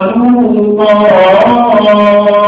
路吧。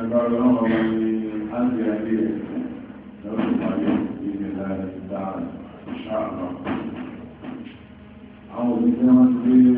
agbára ọlọ́run ọba ní áńdì ayé rẹ̀ lọ́dún parí ìdílé láì dáa ṣáà lọ. àwọn òbí tí wọ́n ti gbé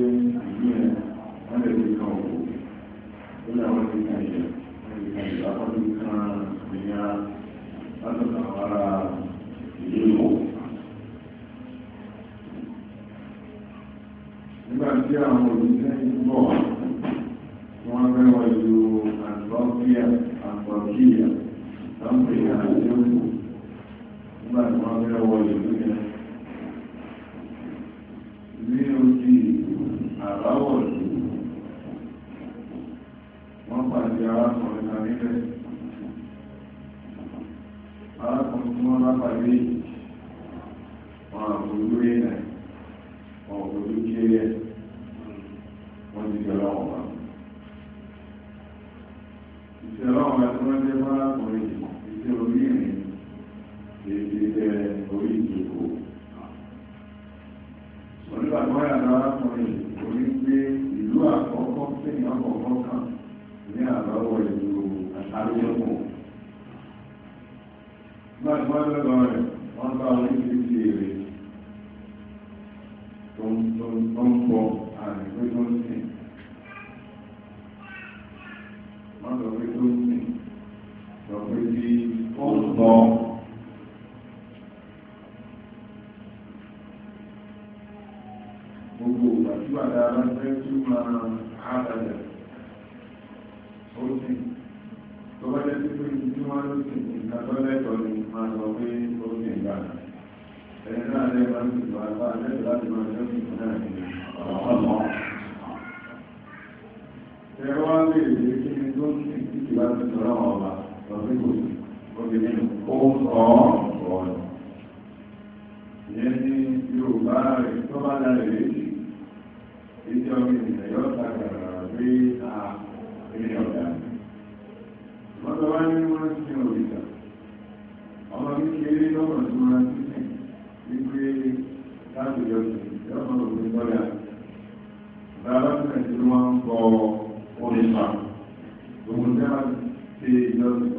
ti ìjọsìn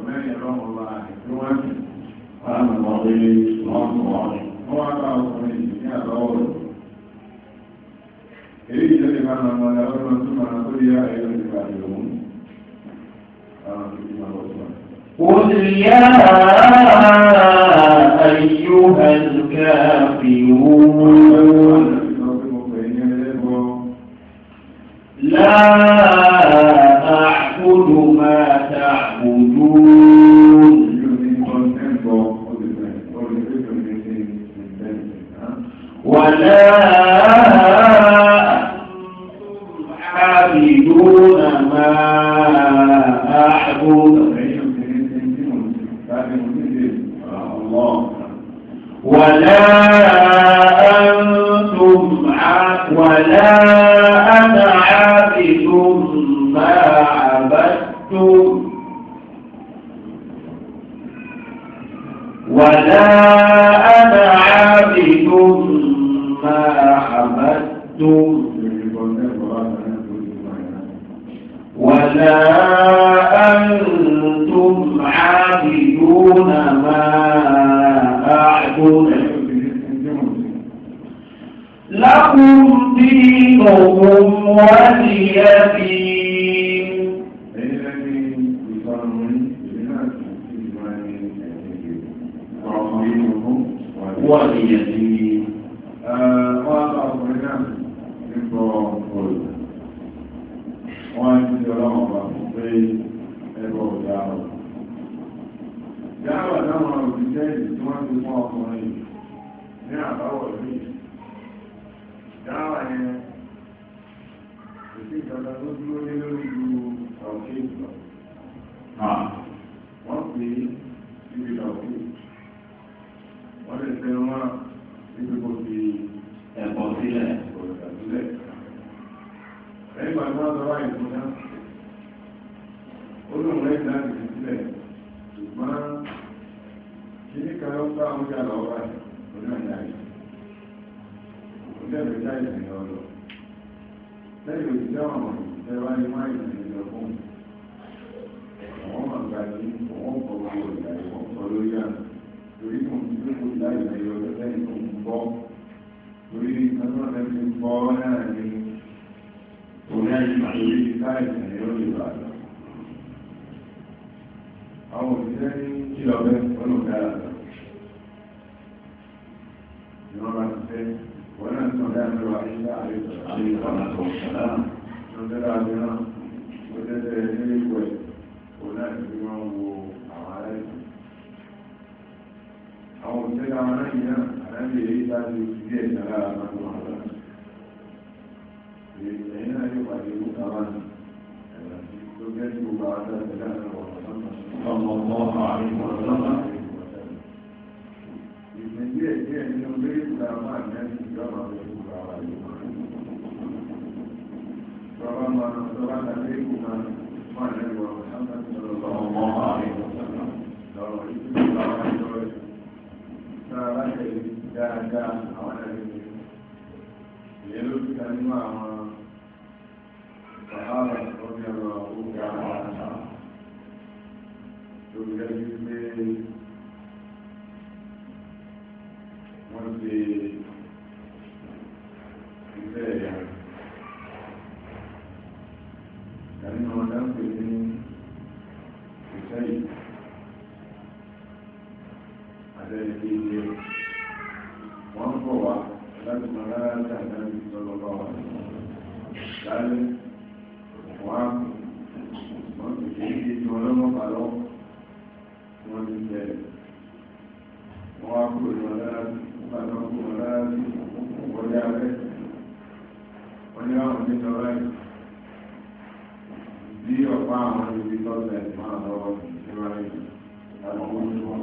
قل يا أيها الكافرون torí kò ní kí kò láì lẹ́yọ lẹ́yìn tó ń ti ń bọ́ náà ní òun ẹ̀yìn torí káì àwọn òṣìṣẹ́ ní kí ìrọ̀lá ti fẹ́ wọ́n náà tọ́ dáa lọ́wọ́ wọ́n náà tọ́ dáa lọ́wọ́ nípa àwọn náà yìí náà àdájọ́ èyí dájú ilé ẹ̀sán lára máa tó wà lọ́nà. Èyí náà yóò pàdé ìlú kàwá ní ẹ̀rọ tó gẹ́ tá a bá tẹ̀lé dáadáa àwọn ẹ̀rí mi ìyẹn ló fi kan nínú àwọn sàhárà tó ní ọ̀rọ̀ oúnjẹ àwọn àṣà tó fi dájú pé wọ́n ṣe iṣẹ́ àtẹ́rí bí i ṣe wọ́n bọ̀ wá láti mọ rárá sí àtẹ́rí sọ́lọ́ bá wà lálẹ́ wọ́n á wọ́n sì fi ṣe ti wọn lọ́wọ́ pa lọ́wọ́ wọ́n ti tẹ̀ wọ́n á kúrò ní wọn rárá sí wọn lọ́wọ́ kúrò wọn rárá sí wọ́n yá rẹ̀ wọ́n ní àwọn oníṣẹ́ ọ̀rẹ́ bí ọ̀pá àwọn ibi tọ́sẹ̀ máa lọ́wọ́ ìṣẹ́wáyé àwọn oníṣẹ́ wọn.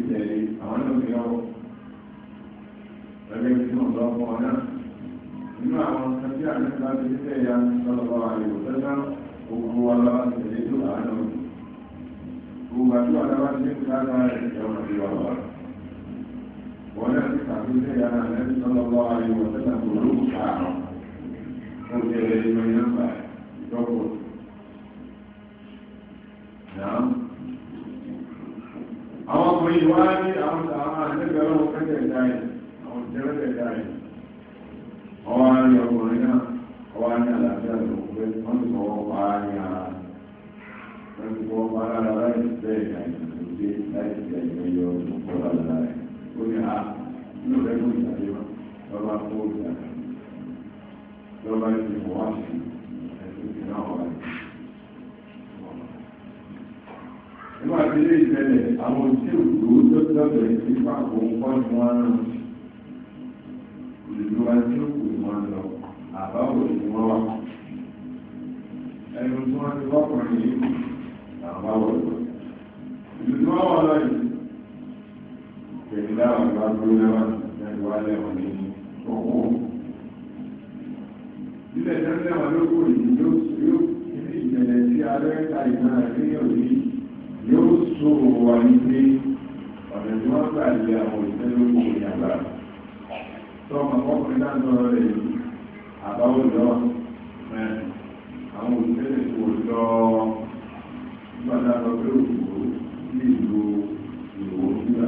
àwọn náà fi ọwọ́ ẹgbẹ́ tí mo lọ fún ọ náà nínú àwọn kẹfí àmẹ́ta ti tẹ́ ya lọ́lọ́wọ́ àyẹ̀wò tẹ́lá gbogbo wa lọ́wọ́ tẹ̀lé tó àánú gbogbo àti wà lọ́wọ́ tí ó àwọn ọkùnrin wá ní àwọn àwọn àdébẹ̀ ọlọ́wọ́ kẹ́kẹ́ ìdáyì àwọn jẹ́rẹ́kẹ́ ìdáyì ọwọ́ ní ọkùnrin náà ọwọ́ ní àlàáfíà tó pé wọ́n ti fọwọ́ pa á ní ara wọ́n ti fọwọ́ pa á lára láì bẹ́ẹ̀ láì ìdílé láì bẹ́ẹ̀ ní ẹyọ tó kọ́ lára rẹ̀ ó ní ah, nígbà tí ilé ìṣẹ̀lẹ̀ àwọn tí òkú tó tẹ̀lé sí pàpọ̀ nǹkan ni wọ́n rán ìlú wa tí òkú wọn lọ àbáwò ni wọ́n wà ẹnu tí wọ́n ti wọ́pọ̀rin yìí àbáwò lọ ìlú tí wọ́n wà lọ yìí pẹ̀lú dáhùn bá dúró lẹ́wọ̀n lẹ́nu wa lẹ́wọ̀n ní ọ̀hún ilé ìṣẹ̀lẹ̀ wọn ló kó ìlú yóò ìṣẹ̀lẹ̀ tí alẹ́ ta ìgbà rẹ̀ ní òní yóò ṣòro wà ní pé ọ̀dẹ̀ tí wọ́n gbà lé àwọn ìṣẹ́lẹ̀ owó ní agbára tó ọmọ ọkùnrin náà lọ́rọ̀ rẹ̀ yìí àbáwò lọ àwọn òṣìṣẹ́ kò lọ gbọ́dọ̀ lọ pé òkú ní ìlú ìwò nígbà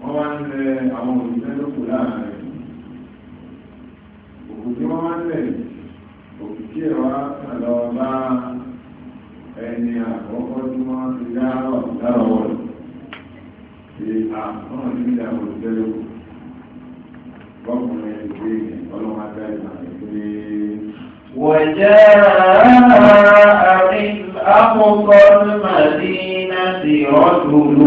wọ́n wá ń lẹ àwọn òṣìṣẹ́ láàrin òkú tí wọ́n wá ń lẹ̀ òkú tí ẹ̀ wá kàn lọ bá ẹni àkọ́kọ́ tí wọ́n ti dárọ̀ dárọ̀wọ̀ ṣe àkọ́nà ní ìdáwọ̀ tẹ́lẹ̀ bọ́kùnrin ìgbé ọlọ́run agbára ìgbé. وجاء من أقصى المدينة رجل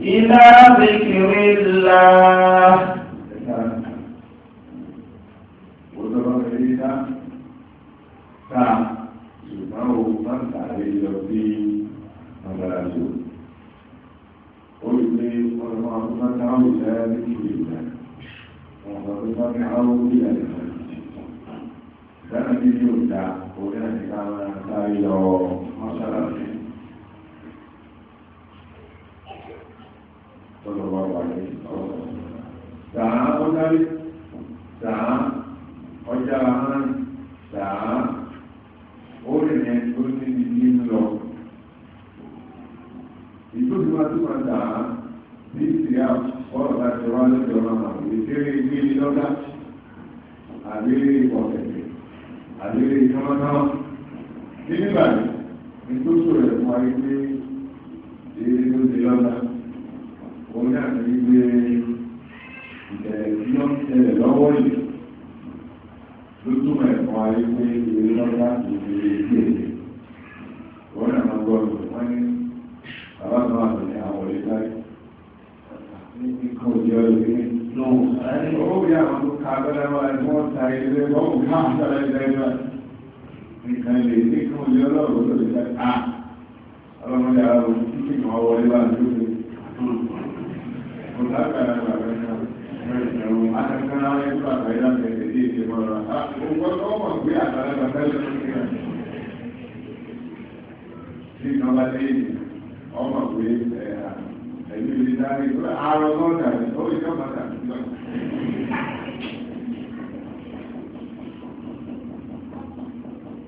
إلى ذكر الله ta ṣùgbọ́n o máa ń tààrí lọ sí ọ̀dàjò ó lè pé ọlọ́mọ akọ́kọ́ àwọn ìṣẹ́ ní kìlì ìgbà ọmọ akọ́kọ́ ní àwọn orí àìsàn ìdáná ní yóò dá orí àìsàn sáré lọ mọ́ṣáláṣí sọ́dọ̀ wà wà ní ọ̀rọ̀. Sàá ọ̀dárí, sàá ọjà ahán, sàá orin yẹn tó níbi ní lọ. Ìtòsí máa tún máa sàá ní ìsìlẹ̀ ọ̀rọ̀ láti wá lọ́jọ́ náà ìdílé ilé lọ́dá, àlélé ọ̀tẹ̀tẹ̀, àlélé ìtọ́nọ́tọ́. Ní nígbà yìí, ìtòsí rẹ̀ fún ayé pé èyí ló ti lọ́dá òun náà àwọn ìlẹ̀ ní kíkọ́ ìjọ ìwé owó ní Tí kan bá dé ọmọ pé ẹ̀yà ẹ̀yí lè dárí pé ààrọ̀ lọ́dà rẹ̀ ó ìjọ bàtà nígbà.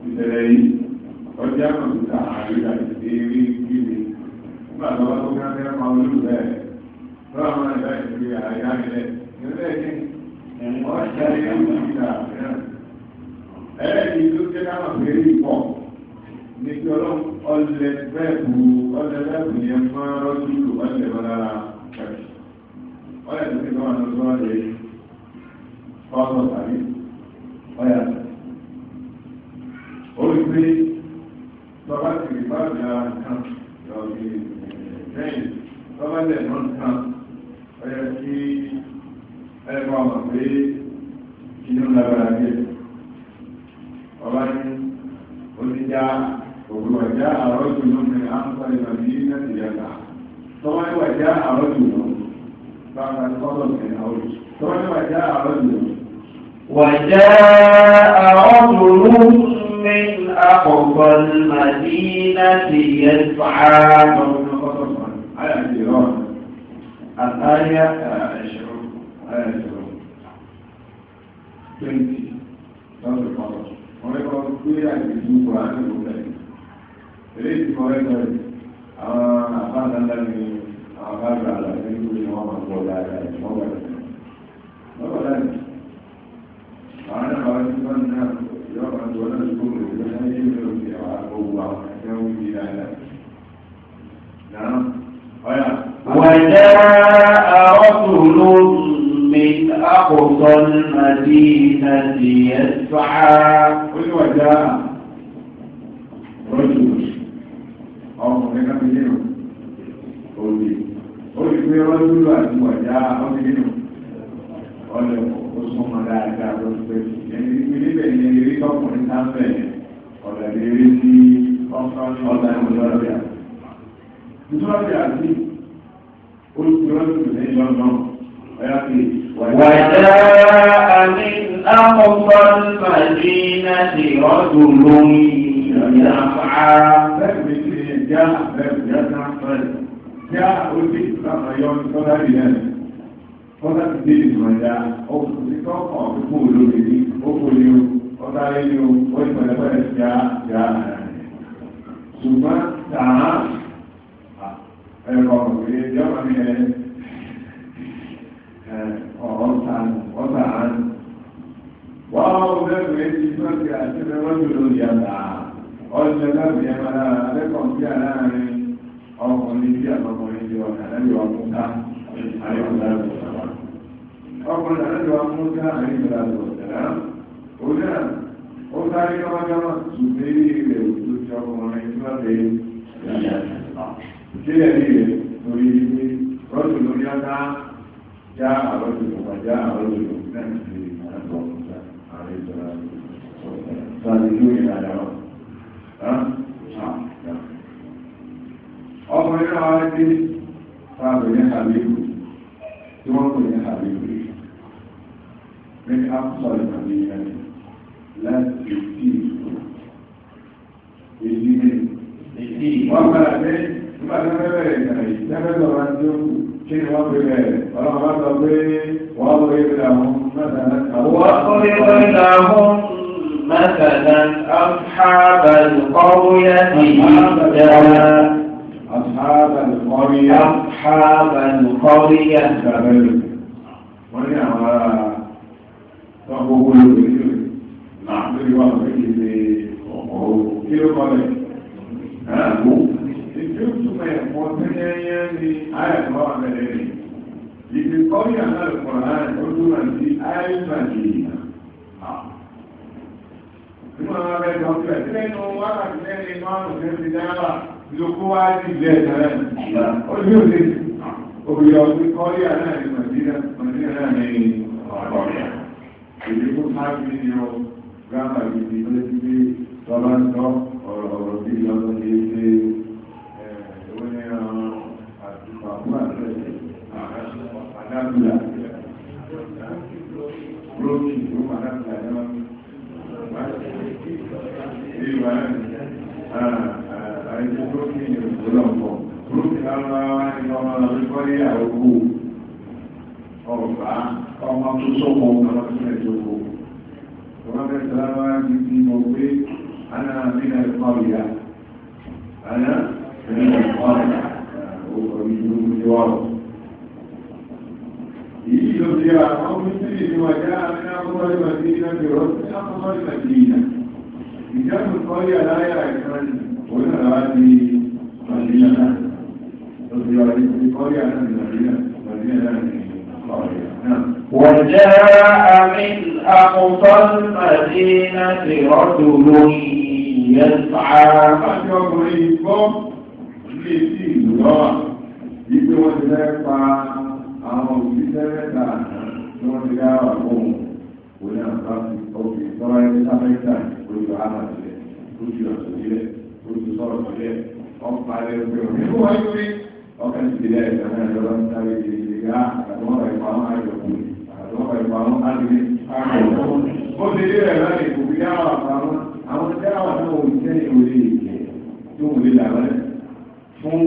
Ìṣẹ̀lẹ̀ yìí, ọjọ́ àkọ̀tà àrídà ìdí rí kí ni. Nígbà tó wá tó kí á fẹ́ máa olú bẹ́ẹ̀. Rọ́ọ̀mù ẹ̀dá ìgbé àyà ilẹ̀. Ìrọ̀lẹ́ ìdí ọ̀ṣẹ́ ilé ìgbà mìíràn. Ẹlẹ́ni tó jẹ́ káwọn fèrè pọ̀ ní kí ọlẹ́ bẹ́ẹ̀bù ọlẹ́ bẹ́ẹ̀bù yẹn fún ọlọ́dún ìlú ọlẹ́ bọ́lára kẹ̀kẹ́. Ọlẹ́ tó ti kọ́ àwọn ọ̀dọ́ ọ̀dẹ́ ọ̀sọ̀ tàbí ọ̀yà tẹ̀. Ó rí pé bàbá ti rí bá ìlà kan ọ̀yẹ́ kí ẹgbà mọ̀ pé inú lágbára jẹ́ ọba ní oníjà òwúrọ̀ já àrọ́jù lómi àǹfà ìrọ̀lẹ́ láti yàtà tọ́wọ́ ìwà já àrọ́jù lómi bá a ti kọ́ lọ́sẹ̀ náà ó tọ́wọ́ ìwà já àrọ́jù lómi. وجاء رجل من الآية عشرون آية عشرون twenty lọ́sọ̀ kọ́lọ̀ wọ́n kọ́ pé àgbègbè ìwà àgbègbè ọ̀gbẹ́ eléyìí ti kọ́ ẹ̀kọ́ rẹ̀ àwọn àbáńdá ní àwọn àbájọ àlàyé ní ìlú wọn máa bọ̀ dáadáa ní wọ́n bẹ̀rẹ̀ lọ́wọ́ láti àwọn àgbà wọn ti wọ́n náà yọ wọn tó náà tó lò lọ́wọ́ ní ìlú òkè àwọn àgbò wọn ẹgbẹ́ wọn ti dáadáa. وجاء رسول من أقصى المدينة يسعى وجاء رجل ọkùnrin kan fi nínú òbí ó ti pé rọ́júlù àti wàjá ó fi nínú ọlẹ̀ ó súnmọ́ dáadáa ló ti pé ẹni níbi níbẹ̀ ni eré tọkùnrin sáfẹ̀ ọ̀dà lè rí sí ọ̀sán ọ̀dà ìwòlọ́rọ̀ yàtọ̀ nítorí àti olùkúrọ́sì ní lọ́nà ọ̀yá pé. وجاء من أقصى المدينة رجل يسعى já o ti sábà yọ sọ́dá rí ẹ̀ sọ́dá ti dé ìgbìmọ̀ ìjà ọkùnrin tó kọ̀ fífún olóore ní oko ni o ọ̀dà rẹ̀ ṣùgbọ́n tààrà ẹ̀kọ́ òwe yọ́mọ̀ ní ẹ̀ ọ̀sán wọ́n ó lẹ́gbẹ̀ẹ́ ti sọ́ọ̀tì àti mẹ́wọ́dù lórí àtà ọ̀sẹ̀ láti ẹ̀ máa lẹ́kọ̀ọ́ sí àárín ọkùnrin sí àtọkùnrin sí ọ̀nà lẹ́yìn ọkùnta àyọ̀dá lọ́sọ̀rọ̀ ọkùnrin àlejò amúnká àyíkọ̀dá lọ́sọ̀rọ̀ ó náà ó sáré kọ́mọ́kọ́mọ́ ṣùgbẹ́ rẹ̀ òtútù ọkùnrin tí wọ́n fẹ́ yàtọ̀ sílẹ̀ ní ilẹ̀ lórí ní rọ́jò lórí ọ̀tá já àrọ́jò lọ́wọ́ já àrọ́jò lọ́wọ́ náà ti àrẹ́sọ̀ àrẹ́ ìjọba sáré ní ìlànà ọkùnrin náà wá dé sáàbù ní àlébù tí wọ́n kò ní àlébù ní àpùsọ̀lẹ̀ àmì ìrìn láti ètí ìlú èdè wọ́n gbára bẹ́ẹ̀ nígbà tí wọ́n fẹ́ bẹ̀rẹ̀ ìtàn yìí tí wọ́n fẹ́ sọ̀rọ̀ àti òkú kí ni wọ́n fi bẹ̀rẹ̀ ọlọ́run bá sọ pé wọ́n wọ ilé àwọn mẹ́tàlá. wọ́n wọ ilé àwọn مثلا أصحاب القرية إذا أصحاب القرية أصحاب القرية wọ́n ní àwọn ará gbogbo olùgbèsè náà lórí wà lórí ilé ọ̀pọ̀ òru kí ló kọ́ lẹ̀ ẹ̀ ẹ̀ ìtumọ̀ ẹ̀kọ́ tó yẹ́yẹ́ ní àyàtọ̀ àmẹ́lẹ́ rẹ̀ ìdí kọ́rí àlàkùnrin náà tó túmọ̀ sí àyàtọ̀ àmẹ́lẹ́ Ìmọ̀ àwọn abẹ́ ìjọ ọ̀fẹ́ tí lẹ́nu wákàtí lẹ́nu márùn-ún tí ó ti dára lókó wá sí ilé ẹ̀tẹ̀rẹ̀. Ó ọdún kọ́rí ṣe fẹ́ àrùkù ọ̀gá ọmọ tó sọ́mọ فالمدينة رجل يسعى Ọjọ́ ọkùnrin ìgbọ́ ilé sí ìlú lọ́wà, ìgbé wọ́n ti lẹ́ pa àwọn òṣìṣẹ́ mẹ́ta tí wọ́n ti dá wà fún òun, kò ní àpá òkè tọ́lá ẹni ọkàn ìdílé ẹ̀ka ń sáré ìdílé yá àtàwọn ìpamọ́ àjọkùnrin àtàwọn ìpamọ́ àjọkùnrin ó ti rí rẹ̀ láti kò fi dáwà àpamọ́ àwọn dáwà náà ò jẹ́ ìwòye ìjẹ́ tó wòlé làwọn fún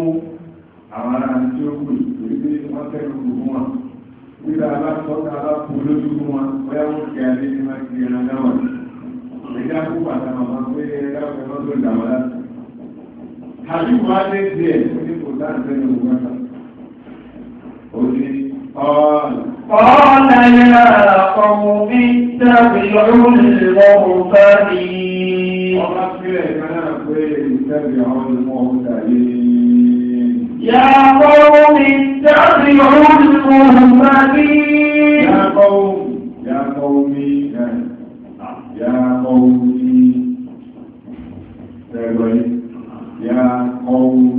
àwọn ará tí ó kù torí pé wọ́n fẹ́ràn gbogbo wọn nígbà alákọ̀ọ́ta alákò lójú fún wọn bóyá wọ́n fi adé ní máa ti ẹran dáwà ẹ̀dá kó pàtàkì àwọn pé ẹ̀dá ọ̀fẹ́ wọn tó dà láti. tàbí wọ́n á lé díẹ̀ ó ní kò dáhùn sẹ́yìn òun wá قال يا قوم اتبعوا المرسلين يا قوم اتبعوا المرسلين يا قوم يا قوم يا قوم يا قوم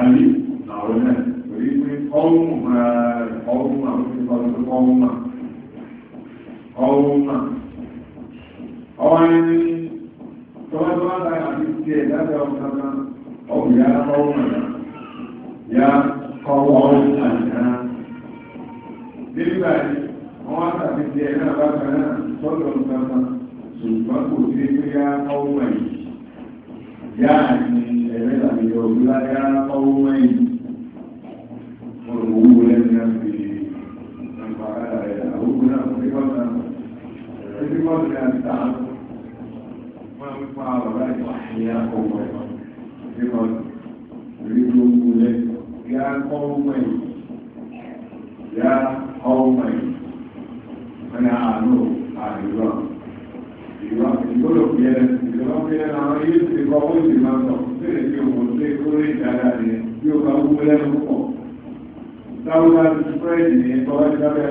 àbí làwọn náà torí pé ọ̀hún ọ̀hún ọ̀hún ọ̀hún ọ̀hún ọ̀hún ẹni tọ́wọ́tọ́wọ́ láyé àti tiẹ̀ lábẹ́ ọ̀sán ọ̀hún yá ọ̀hún ọ̀hún yá ọ̀hún ọ̀hún àyà nígbà yìí wọ́n á tàbí tiẹ̀ náà bákan náà sọ́dọ̀ ọ̀sán ṣùgbọ́n kò sí pé yá ọ̀hún ẹ̀yìn yá àyà. يا قومي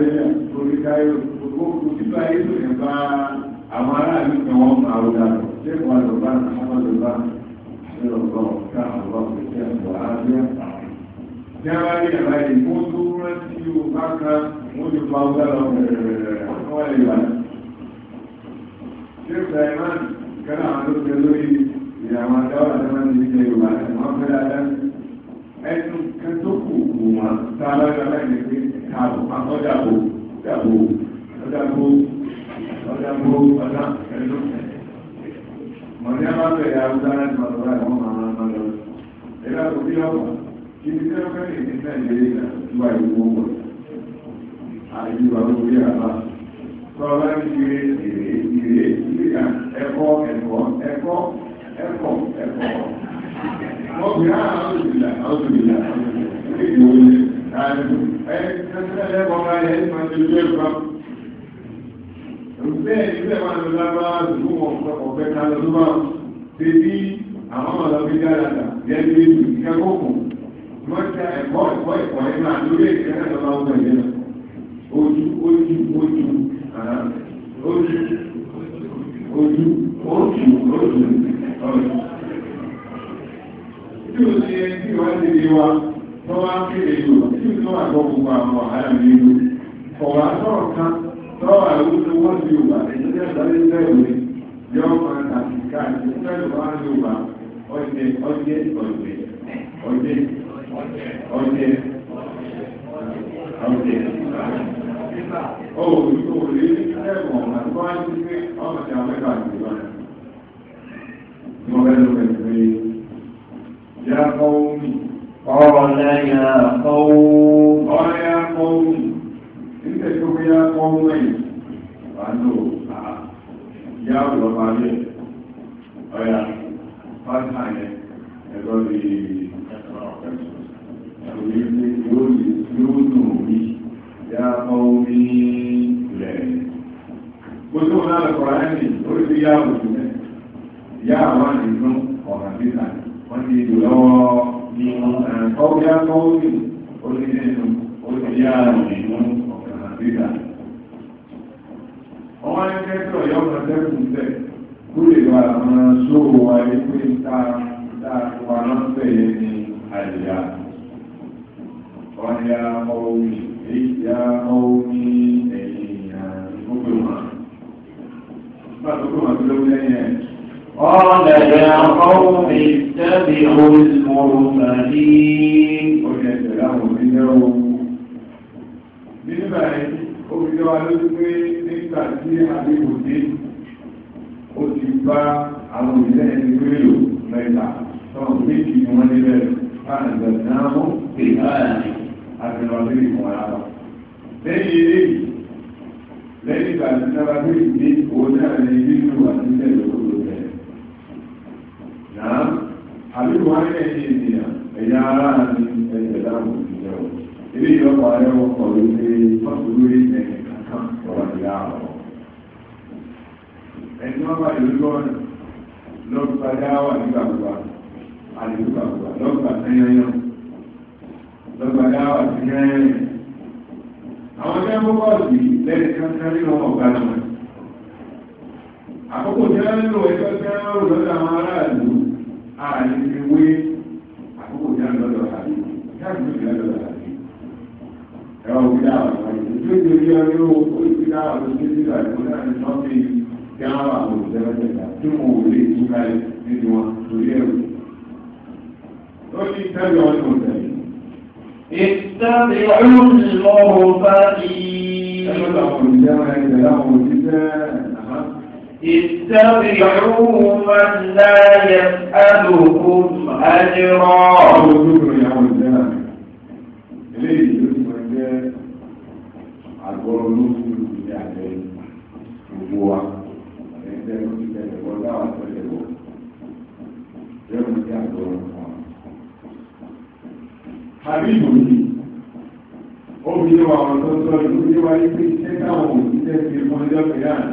náà lórí káyọ̀ gbogbo òkúta ayé tó yẹn bá àwọn aráàlú kan wọ́n máa rọ dànù lẹ́kọ̀ọ́ àlọ́bá àwọn àlọ́bá lọ́gbọ́ ká àlọ́bá kò jẹ́ àgbọ̀ àbíyá. Bí a bá rí àbá yìí, mo tó rántí o bá ká mo ti pa ọgbà lọ bẹ̀rẹ̀ ọwọ́ ìwà. Ṣé Sàìmán kẹ́lá àwọn tó jẹ lórí ìyàwó àdáwà àdáwà ní ilẹ̀ Yorùbá ẹ̀ wọ́n fẹ́ dáadáa. Ẹnu kẹ́tọ́kù kù wọn tá a lágbára ìdíje káàbù ọ̀dàbò ọ̀dàbò ọ̀dàbò ọ̀dàbò ọ̀dà ẹ̀lú. mọ̀lẹ́ máa bẹ̀rẹ̀ àwùjọ láti máa lọ́wọ́ àwọn ọmọ àwọn ọmọ lọ. ẹ̀rọ kò bí ọ̀pọ̀ kí ni tẹ́lẹ̀ fẹ́lẹ̀ ní nàìjíríà wà ìwọ wọ̀ àyè wà lórí àbá. sọ́ọ́lá ń ṣe èrè èrè ìrìnà ẹ̀kọ́ ẹ̀kọ́ ẹ̀kọ́ ẹ̀kọ́ ẹ̀kọ́. wọ́n fi hàn áwùjọ ìlà áwùjọ ìlà áwùjọ ìlà ààrùn ẹni tẹ́tẹ́ ẹlẹ́bọn máa yẹ ẹni máa ti lé ẹ̀rọ bẹ́ẹ̀ ni bẹ́ẹ̀ máa lọ lábára ṣùgbọ́n wọn ọ̀fẹ́ ká lọ lọ́wọ́ ṣe bí àwọn ọmọ lọ́gbẹ́ dáradà yẹn ní ètò ìkẹ́kọ̀ọ́ wọ́n ta ẹ̀kọ́ ẹ̀kọ́ ẹ̀kọ́ ẹ̀ máa lórí ìkẹ́kẹ́ lọ́wọ́ ọmọ ìyẹn ojú ojú ojú ojú ojú ojú ojú ojú tí o ṣe tí wọ́n ti di wa tó wá kéde yóò tí ó wà tó gbogbo àwọn ọ̀hánà nínú ọ̀rọ̀ àtọ́rọ̀ kan lọ́wọ́ àwọn tó wọ́n ti yóò bá ẹ̀jẹ̀ ní àtàlẹ́ ìbẹ̀rẹ̀ yọ kan àti káàkiri fẹ́lẹ̀ wá yóò bá ọjẹ́ ọjẹ́ ọjẹ́ ọjẹ́ ọjẹ́ ọjẹ́ ó yóò lé ẹ̀wọ̀n àti wá ní pé ọmọ ti àwọn ẹ̀ka àti ìwà ni wọ́n fẹ́ lọ́wọ́ ẹ̀ pé yá kọ́ ó mì قال يا قوم قال يا قوم انت شوف يا قوم قالوا يا رب العالمين ايا فاتحه يقول لي يا قومي لا قلتم هذا القرآن قلت يا مسلمين يا أوان ابن وغنبيتا وانت يدو ọgbẹ́ akọ́wé onídẹ́nu oníyá ìlú ọ̀gá àbíkà. Ọmọ akẹ́kọ̀ọ́ yọ ẹ̀yìn ìgbógbè wọn. Bá tó kọ́ wọn tó lórí lẹ́yìn ẹ̀. قال يا قوم اتبعوا المرسلين قل السلام عليكم nígbà yẹn obìnrin wa ló pé nígbà tí àdéhùn dé ó ti bá àwọn ìlẹ́ ẹni pé lò mẹ́ta tọ́wọ́n méjì ni wọ́n níbẹ̀ láti bẹ̀rẹ̀ náà ó pè láàrin àbẹ̀rẹ̀ ọdún ìmọ̀ ara lẹ́yìn eléyìí lẹ́yìn ìgbà tí náà bá dé ìdí òun náà ní nínú àti ìṣẹ̀lẹ̀ òkúrò àbí wọ́n ní ẹ̀yìn ènìyàn ẹ̀yà ara àti ẹ̀jẹ̀ dáhùn ìjẹ́ o ilé ìjọba ẹ̀ ọkọ̀ ló ṣe mọ́tòlú ẹ̀yìn kankan ọ̀rọ̀ ìyá ọ̀ ẹni wọ́n bá ìlú lọ́rùn lọ́gbà dáwà nígbàgbà àdìgbàgbà lọ́gbà tẹ́yẹyẹ lọ́gbà dáwà tẹ́yẹyẹ àwọn ẹgbẹ́ púpọ̀ sí lẹ́yìn kankan nínú ọgbà náà àkókò tí wọ́n nílò ẹgbẹ́ tí wọ́n rò lọ́dọ̀ àwọn aráàlú ààrẹ ti wé àkókò jáde lọ́dọ̀ àbí jáde lọ́dọ̀ àbí ẹ̀rọ òbí dáhà wà ní ìdílé ìdílé ọdún ó ti dáhà tó ṣe sí ìgbà tó náà ní sọ́ọ̀tì dáhà àwọn òṣèlérẹ́sẹ̀dá tí mo ò lè tú kalẹ̀ nínú wọn torí ẹ̀rù. ó ní ìtẹ́lẹ̀ ọdún ọ̀sẹ̀ ìtẹ́lẹ̀ ọdún ìlọ́rùn bá yìí. ẹgbẹ́ àwọn اتبعوا من لا يسألكم أجرا Àgbọ̀rọ̀ ló fún ìdílé àjẹ́ gbogbo wa, ẹgbẹ́ ló ti tẹ̀lé wọ́n dáwà tẹ̀lé wọ́n, ẹgbẹ́ ló ti àgbọ̀rọ̀ fún wa. Àbíbò yìí, ó fi wà ọ̀tọ́tọ́ ìlú níwáyé pé ṣẹ́ká òun ti tẹ̀lé mọ́jọ́ pẹ̀lú àná.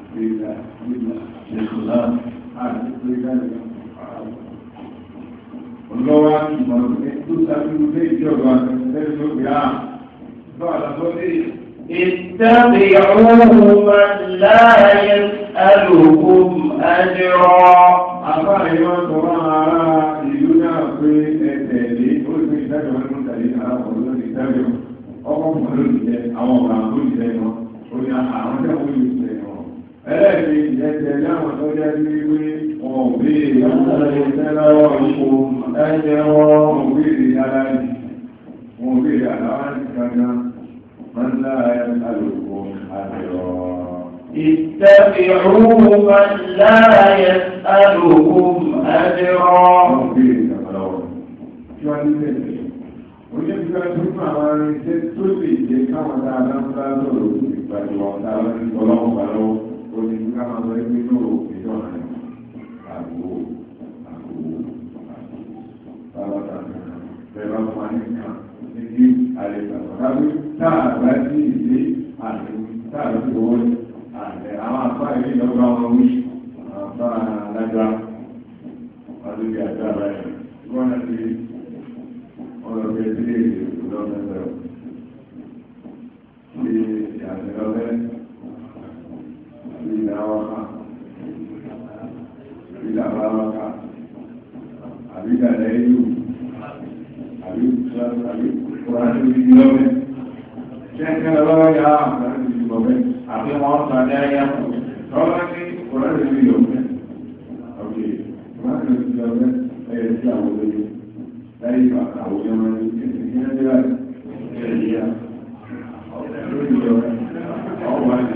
Ọlọ́wọ́ àtìmọ̀lù ní tó sàbílú lé ìjọba àtìmọ̀lẹ́sì ó bí á. Lọ́wọ́ àlàbọ́ lè. Ìtàbíyàwó máa láàyè alòkùn àjọ. Àbáyé wọn sọ máa ara ìlú náà pé ẹ̀tẹ̀lé ó sì dájọ́ tàbí àwọn olóòtú dájọ́. Ọkọ̀ mọ̀lú ìjẹ àwọn ọ̀gá àbúrò ìjẹ wọn. Ó àwọn ọjọ́ ẹlẹ́ẹ̀kì ìjẹ́jẹ́ láwọn tó jẹ́ sí wí wọn ò bí ìyàtọ̀lẹ́sẹ́ lọ́wọ́ ìṣò ẹ̀jẹ̀ wọn ò bí ìyàlẹ́ni wọn ò bí ìyàlẹ́ni kankan wọn lá ẹ̀ẹ́dàlùkù ti fẹ́ tún fún àwọn irinṣẹ́ tó lè jẹ káwọn dáadáa ń bá lọ́rọ̀ ìgbàlùwọ̀n dáadáa ń bọ́ lọ́wọ́ bá òní ká máa lọ ẹgbẹ́ náà ó fi dọ̀nà ní àgbo àgbo àgbo bàbá bẹ́ẹ̀ bá fún wa ní nǹkan níbi àlejò àgbàdo táà bá sí ìdí àlejò táà bá sí owó àlẹ àwọn àgbà ìdí ìdọ́gba wọn wí àwọn àgbà alága ìlà wákà ìlà wákà àbí dàdà ẹ̀yù àbí àbí kúrò àti ìlọ́mẹ. Kẹ́kẹ́ lọ́wọ́ yà á àti ìlọ́mẹ àbí wọ́n sọ ní ẹ̀yà kù. Lọ́wọ́ ní kúrò àti ìlọ́mẹ. Ọ̀kẹ́ kúrò àti ìlọ́mẹ ẹ̀yẹ sí àwọn olóyè. Láyé ìgbà àwọn ọmọ ní ẹ̀sìn ní ẹ̀dẹ́rẹ́ ẹ̀yà. Ọ̀kẹ́ lórí ìlọ́mẹ. Ọ̀wọ́ àti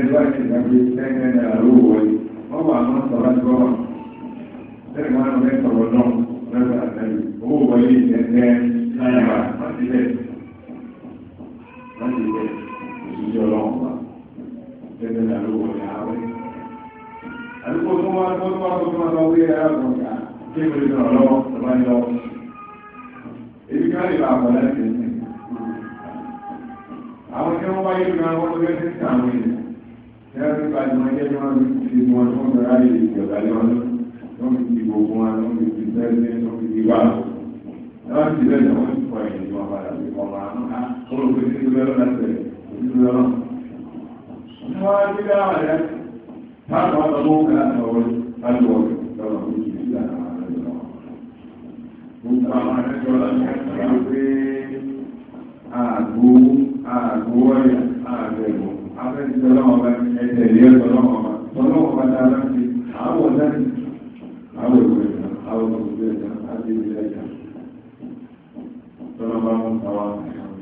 ẹgbẹ́ ìgbàgbé ẹgbẹ́ náírà ló wọ̀ yìí àwọn tí yẹ́nì bá ní ọjọ́ ní wọ́n fi mọ ní wọ́n bẹ̀rẹ̀ ayé ìjọba ní wọn ló ń fi gbogbo wọn ló ń fi bẹ́ẹ̀ ló ń fi wá. Náà ti bẹ́ẹ̀ ni wọ́n ti fọ ẹ̀yìn wọn padà sí ọmọ àwọn olùkọ́ sí ìlú ẹ̀rọ láti rẹ̀ òṣìṣẹ́ lọ́nà. Wọ́n á ti dá wà rẹ̀ táàbù wọn lọ́wọ́ kan láti ọwọ́ láti wọ̀ lọ́wọ́ tó ti sí àwọn àlejò náà. Gbogbo àwọn àlejò láti rẹ̀ pé àgbo àgbo ọ̀yà àgbẹ̀gbọ̀ abẹ́rẹ́ ọlọ́wọ́ bá ní ẹ̀jẹ̀ ìlú ẹ̀jọ̀ ọlọ́wọ́ bá ọlọ́wọ́ bá dá láti àwọ̀ láti àwọ̀ ìwé ẹ̀jọ̀ àwọ̀ ìwé ẹ̀jọ̀ àti ìwé ẹ̀jọ̀ tọ́lọ́ bá mú àwọn àyàwó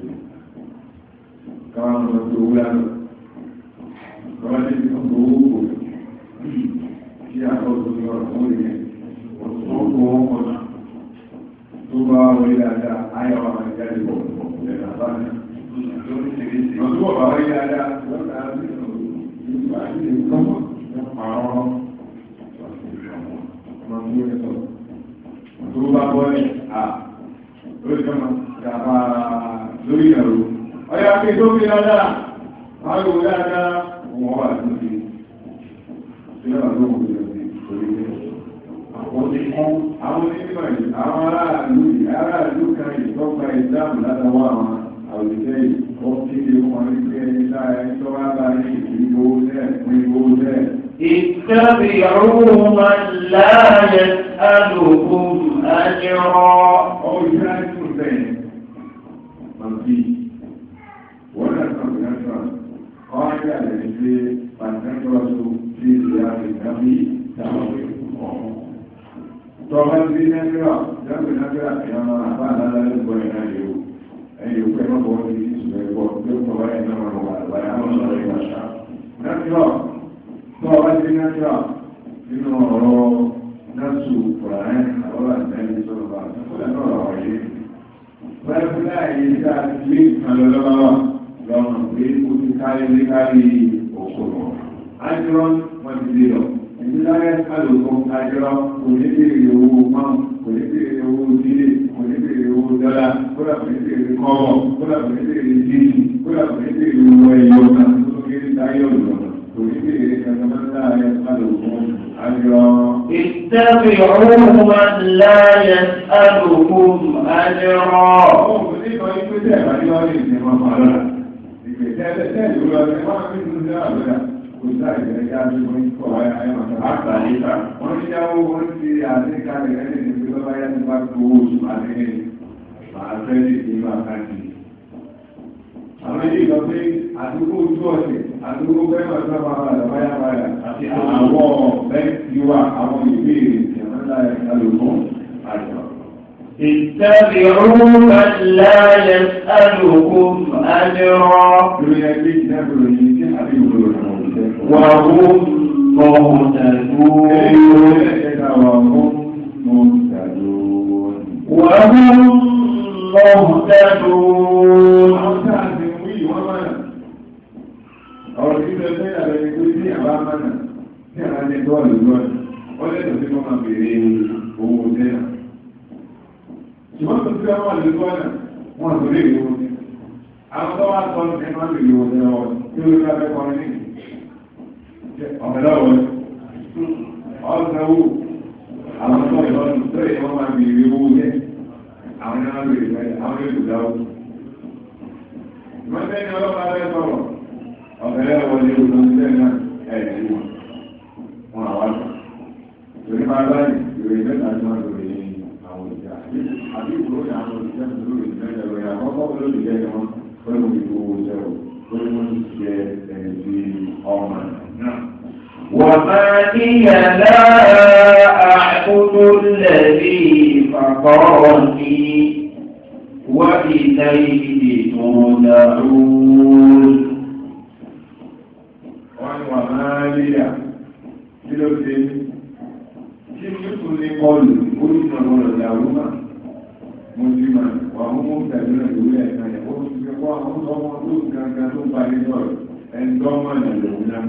káwọn ọmọ tó wúlá lọ lọ́wọ́ ní ọkọ̀ owó kò kí àkọ́ tó ní ọ̀rọ̀ fún ìyẹn ọ̀tún ọkọ̀ ọkọ̀ náà tó bá wọlé dáadáa ayọ̀ àwọn ìjáde bọ̀ lẹ́nu àbáyé lọ́dún ọ̀bá rí dáadáa lọ́dún àbí ìgbà àti ìkọ́mọ̀ nípa ọ̀rọ̀ ọ̀gbìn ẹ̀sọ́. tó bá bọ́ ẹ̀ à lórí kọ́mọ̀ dàbà lórí ẹ̀rọ. ọ̀yà pé tó fi dáadáa máa yóò dáadáa wọ́n wà lórí ìlú àwọn oníkún àwọn onímọ̀ yìí àwọn aráàlú yìí aráàlú kan ìtọ́ka ìdáàmú látàwọn àwọn àwùjọ yìí ó ti di wọn wípé ẹni lára ẹni tó wá bá ní ìdìbò lẹ́ẹ̀ fún ìbò lẹ́ẹ̀. اتبعوا من لا يسألكم أجرا. Ó yá ẹ̀sùn bẹ́ẹ̀ màbí wọ́n náà kàn fún ẹ̀sùn ọ̀hún yà lẹ́yìn pé pàtẹ́kọ̀ọ́sù ti di àbẹ̀dábí táwọn ọ̀hún tọ́ba ti ní nàìjíríà jáde nàìjíríà ìyá máa bá àdáda lẹ́gbọ̀n ìnáyẹ̀wò. ẹ̀yìn òkú ẹ̀mọ́ bọ̀ ní ìṣúná ẹ̀kọ́ yóò kọ́ wáyé náà máa wà wáyé àwọn ọ̀rọ̀ ìwà a ti lé ìkànnì lọ́wọ́ lọ́nà pé ó ti kárí lé kárí òkú lọ. àjọ wọn ti lé lọ. ìdílé ayé alòkùn àjọ kò ní bèrè owó mọ́ kò ní bèrè owó dílé dọ́là kódà kò ní sí èrè kọ́wọ̀ kódà kò ní sí èrè jíjì kódà kò ní sí èrè owó ẹ̀yọ náà tó kéré táyé ọ̀dọ̀ kò ní sí èrè kankan máa ń dá ayé pàdé òkun ayọ. ìtẹ́bìrún máa ń láyé àlòkùn ayọ̀. ó ní ìtọ́ ìpè tẹ́ ẹ̀ka ní ọ́nì ìsinmi ọmọ ọ̀la ìpè tẹ́ ẹ̀ tẹ́ ìlú ọ̀sẹ̀ wọ́n á fi ìlú ní àbúrà kòtà ìgbẹ́jà tó ń kọ́ àyà ẹ̀ àtẹ́lẹ̀ ní máa káàkiri. Ìtẹ́bìrún láyé sálùkùn àjọrọ̀. Ìròyìn ẹgbẹ́ ìdábòrò مهتدون ọ̀rọ̀ tí ló fẹ́ yàrá ẹni pé tí àbá mánà tí àbá ní ẹgbẹ́ ọ̀rọ̀ ìlú ọ̀rọ̀ ó lẹ́tọ̀ọ́ sí wọ́n máa bèèrè owó tẹ́yà ṣùgbọ́n tó tí wọ́n wà lórí ọ̀nà wọn àtò lè rí àwọn ní wọ́n bèèrè mẹ́rin àwọn ní ìlú dáwọ́. wọ́n tẹ́ni ọlọ́pàá bẹ́ẹ̀ sọ̀rọ̀ ọ̀fẹ́lẹ́ wọlé olóńtẹ́ náà ẹ̀ẹ́dì wọn wọn àwọn àgbà. torí máa bá ní ìròyìn mẹ́ta tí wọ́n lòrè ní àwọn ìjà àbí ìgbóhùn àwọn òṣìṣẹ́ tó lórí ìjọba ìròyìn àwọn kọ́kọ́ lórí ìjẹ́ wọn pẹ̀lú ìgbówó وما هي لا أعبد الذي فطرني وإليه ترجعون وما هي كيلوتين كيلوتين لقول قل فقول الأولى مسلما وهم مبتدئون الأولى كان يقول سبحانه وتعالى أن تؤمن الأولى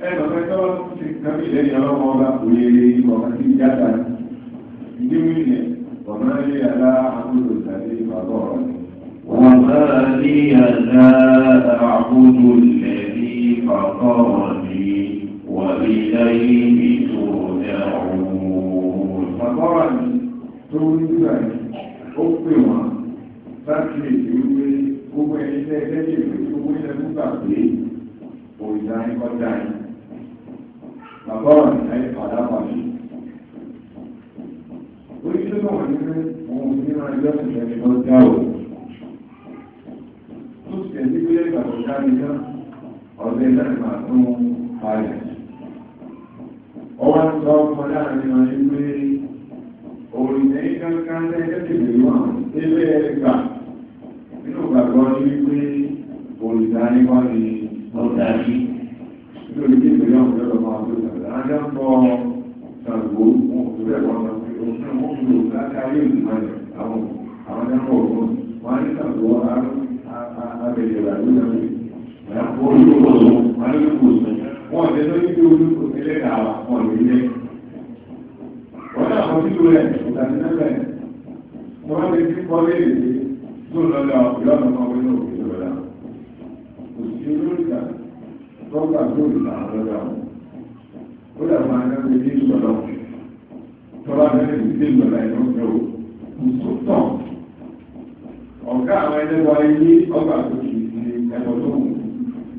ẹgbẹ̀rẹ̀ tó ti kàbí lẹ́yìn ọlọ́wọ́ ọba kò lè rí ọ̀kan sí ìjáta ìdí wílẹ̀ ọ̀nà ilé àlá àbúrò ìtàdé ìpàgọ́ ọ̀rọ̀ وما لي لا أعبد bàbá wà ní ayé padà wà ní. oríṣiríṣi náà wà ní pé òun ní ọjọ́ ìṣẹ̀lẹ̀ ní wọ́n dá o. tó ti tẹ̀lé pé ìgbàgbọ́ jáde náà ọ̀dẹ́ láti máa tún palẹ̀. ọwọ́ ń sọ ọkọ láàrin wọn ní pé òrìṣẹ́ kankan lẹ́yìn tẹ̀lé wọn délé ẹgbà nínú ìgbàgbọ́ ní pé tí tọ́gbà tó ìlà àlọ́dà ó dà máa ń ní ìgbọ̀lọ́ tọ́lá bẹ́ẹ̀ ní ilé ìgbọ̀lá ẹ̀ lọ́jọ́ o kò tọ̀ ọ̀gá àwọn ẹlẹ́wọ̀ ayé ọgbà tó kì í ṣe ẹ̀rọ tó wù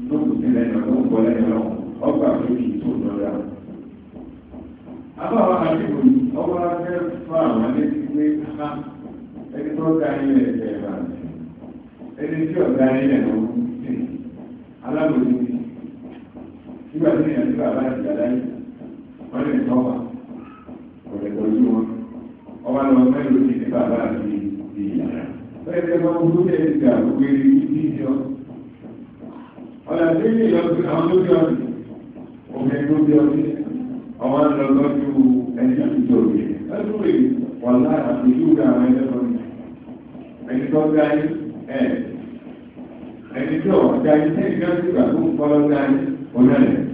tó kù sílẹ̀ ẹ̀rọ tó ń bọ̀ lẹ́yìn lọ ọgbà tó kì í tó lọ́dà. àbáwọ̀ àdìgbò ọwọ́ fẹ́ fún àwọn létí pé ká ẹni tó ga ilẹ̀ ẹ̀rọ ẹni tí ọ̀gá ilẹ̀ lọ́wọ́ alábòjútó nígbà tí èèyàn ti bàbá ìjà láyé wọ́n lè tọ́ wa kò lè tọ́jú wọn ọba lọ mẹ́rin òkè ní bàbá àti ìyá bẹ́ẹ̀ tẹ́ bá wọ́n gbé ẹ̀ka gbé ibi ìjọ ọ̀là tí ilé ìlọsìn àwọn lórí ọ̀sìn òfin tó bí ọtí ọmọ lọ lọ́jú ẹni àtijọ́ òkè lọ́dún rè wọ́n lára ìlú ga àwọn ẹlẹ́kọ̀ọ́ ẹni tó ga ẹ̀ ẹni tó ọ̀gá ẹni tó ìgbà tó ń kọ́ lọ́gá ẹni ọ̀nà ẹ̀.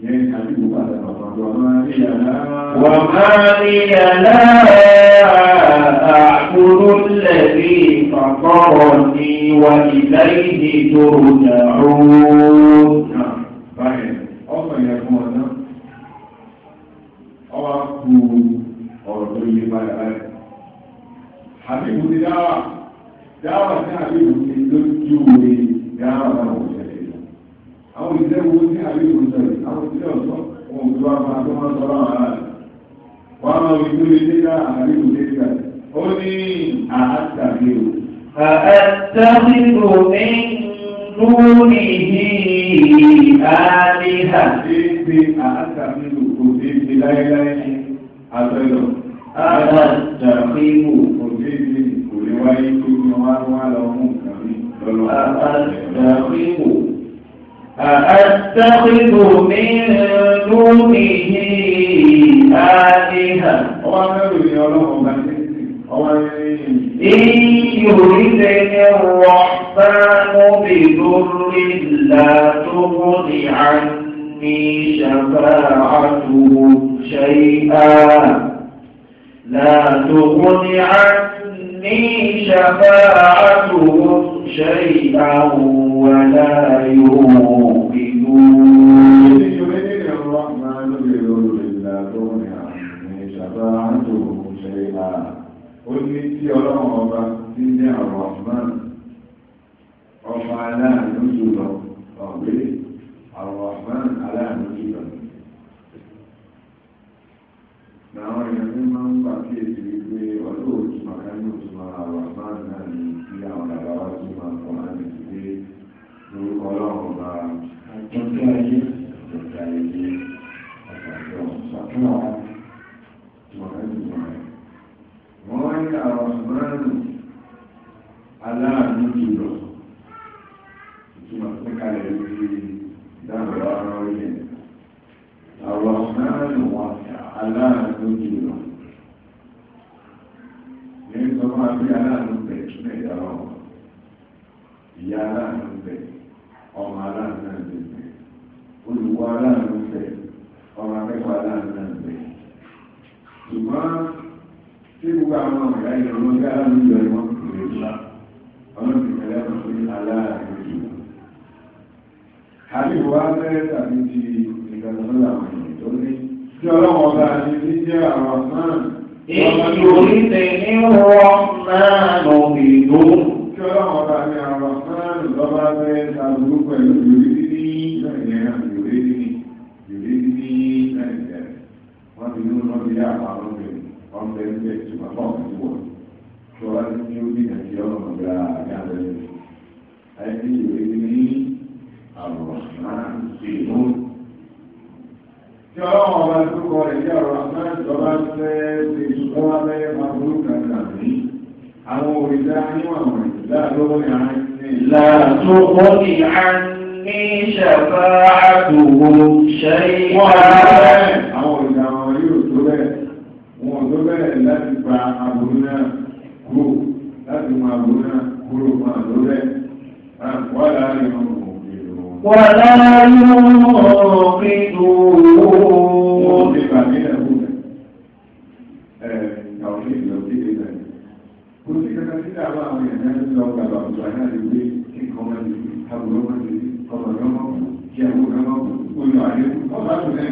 وما لي لا أعبد الذي فطرني Àwọn ìṣẹ́ wo sí sọ̀rọ̀? àwọn tí ó sọ wọn kò wá máa tó wọn sọ̀rọ̀ àwọn ará wọn máa wí pé ilé náà àrí òde ìgbà ó ní àátàbí o. أأتخذ من دونه آلهة أأتخذ òdìdí láéláé ní abẹ́lọ̀ àtàkìmù òdìdí kò lè wáyé tó ní wọn wá lọ mú nǹkan mi lọ́lọ́ àtàkìmù. أأتخذ من دونه آلهة إن يردني الرحمن بضر لا تغني عني شفاعتهم شيئا لا تغني عني تغني شفاعتهم شيئا ولا يؤمنون ó ní tí ọlọ́run ọba ti ní àwọn ọ̀gbọ́n ọba aláàánú jùlọ ọ̀gbẹ́ àwọn ọ̀gbọ́n aláàánú jùlọ. làwọn èèyàn ní máa ń pàkíyèsí wípé ọlọ́run ní ìtumọ̀ àwọn ìmáàmù náà ní kí àwọn bàbá wa tó máa kọ́ máa ní ìdílé lórúkọ ọlọ́run ọba àtúntò ayé ìjọba ayé àtàjọ ṣàtúnwà ìmọ̀lẹ́dùnmọ̀ rẹ̀. wọ́n wá ní àwọn ìmáàmù aláàánú jùlọ ìtumọ̀ tó kalẹ̀ lórí ìdáhùn ọ̀rọ̀ yẹn. àwọn ìmáàmù wa aláàánú jùlọ. máa bí aláàánú bẹ ìtumọ̀ ìyá ọ̀hún ìyá aláàánú bẹ ọmọ aláàánú náà lè bẹ olùwọ aláàánú bẹ ọmọ akẹ́kọ̀ọ́ aláàánú náà bẹ ṣùgbọ́n tí gbogbo àwọn ọmọ ìyá ìyá ọmọ ìyá aláàánú yọ ìwọ̀n kìlè ńlá ọlọ́sìn kẹlẹ́ kan pé aláàánú yọ. àbíwò wa fẹ́ tàbí ti ìgbàlódé àwọn ènìyàn tó ní tí ọlọ́wọ́ bá ti ní jẹ́ àwọn náà ìjòyè ní rọ́mánù ìlú. kí ọlọ́run ọba ní àwọn rọ́mánù lọ́ba fẹ́ ṣàbùkù pẹ̀lú ìrírí ní nàìjíríà ìrírí ní ìrírí ní nàìjíríà wọ́n ti ní wọ́n ti yá àwọn obìnrin wọ́n fẹ́ ń bẹ̀ ṣùgbọ́n fọ́ọ̀mù ti wọ̀ tí wọ́n ti ní ojú nàìjíríà ọlọ́run ọba ní àbẹ̀rẹ̀ ayé ti ìrírí ní àwọn rọ́mánù ìlú tí ọlọ́run ọba lórúkọ rẹ̀ ní ọ̀rọ̀ náà lọ́ba fẹ́ ṣe ìṣúná abẹ́rẹ́ máa burú kàkà sí àwọn òrìṣà níwọ̀n rẹ̀ láàlọ́wọ́ ní àárín. Làtò ó ní àní ṣàfà àdùgbò ṣe ìgbà. Àwọn òrìṣà wọn yóò tó bẹ́ẹ̀, wọn tó bẹ́ẹ̀ láti gba àbúrú náà kúrò láti mú àbúrú náà kúrò máa tó bẹ́ẹ̀. Wọ́n láàárín ọmọ ولا ينقذون kò sí kankan sí àwọn àwọn èèyàn náà lọ gbàgbà ọ̀dọ̀ àná lè gbé kí nǹkan máa lè àbúrò máa lè ọmọ náà máa kù kí àwọn náà máa kù kó lọ àlékún ọba tó náà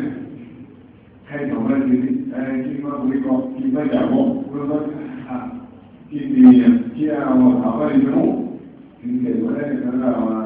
káyọ̀ máa lè ẹ kí n máa wí kọ kí n máa jàbọ̀ kó lọ kí n lè yàn kí àwọn àwọn ìdánwò kì í tẹ̀wọ́ lẹ́yìn náà àwọn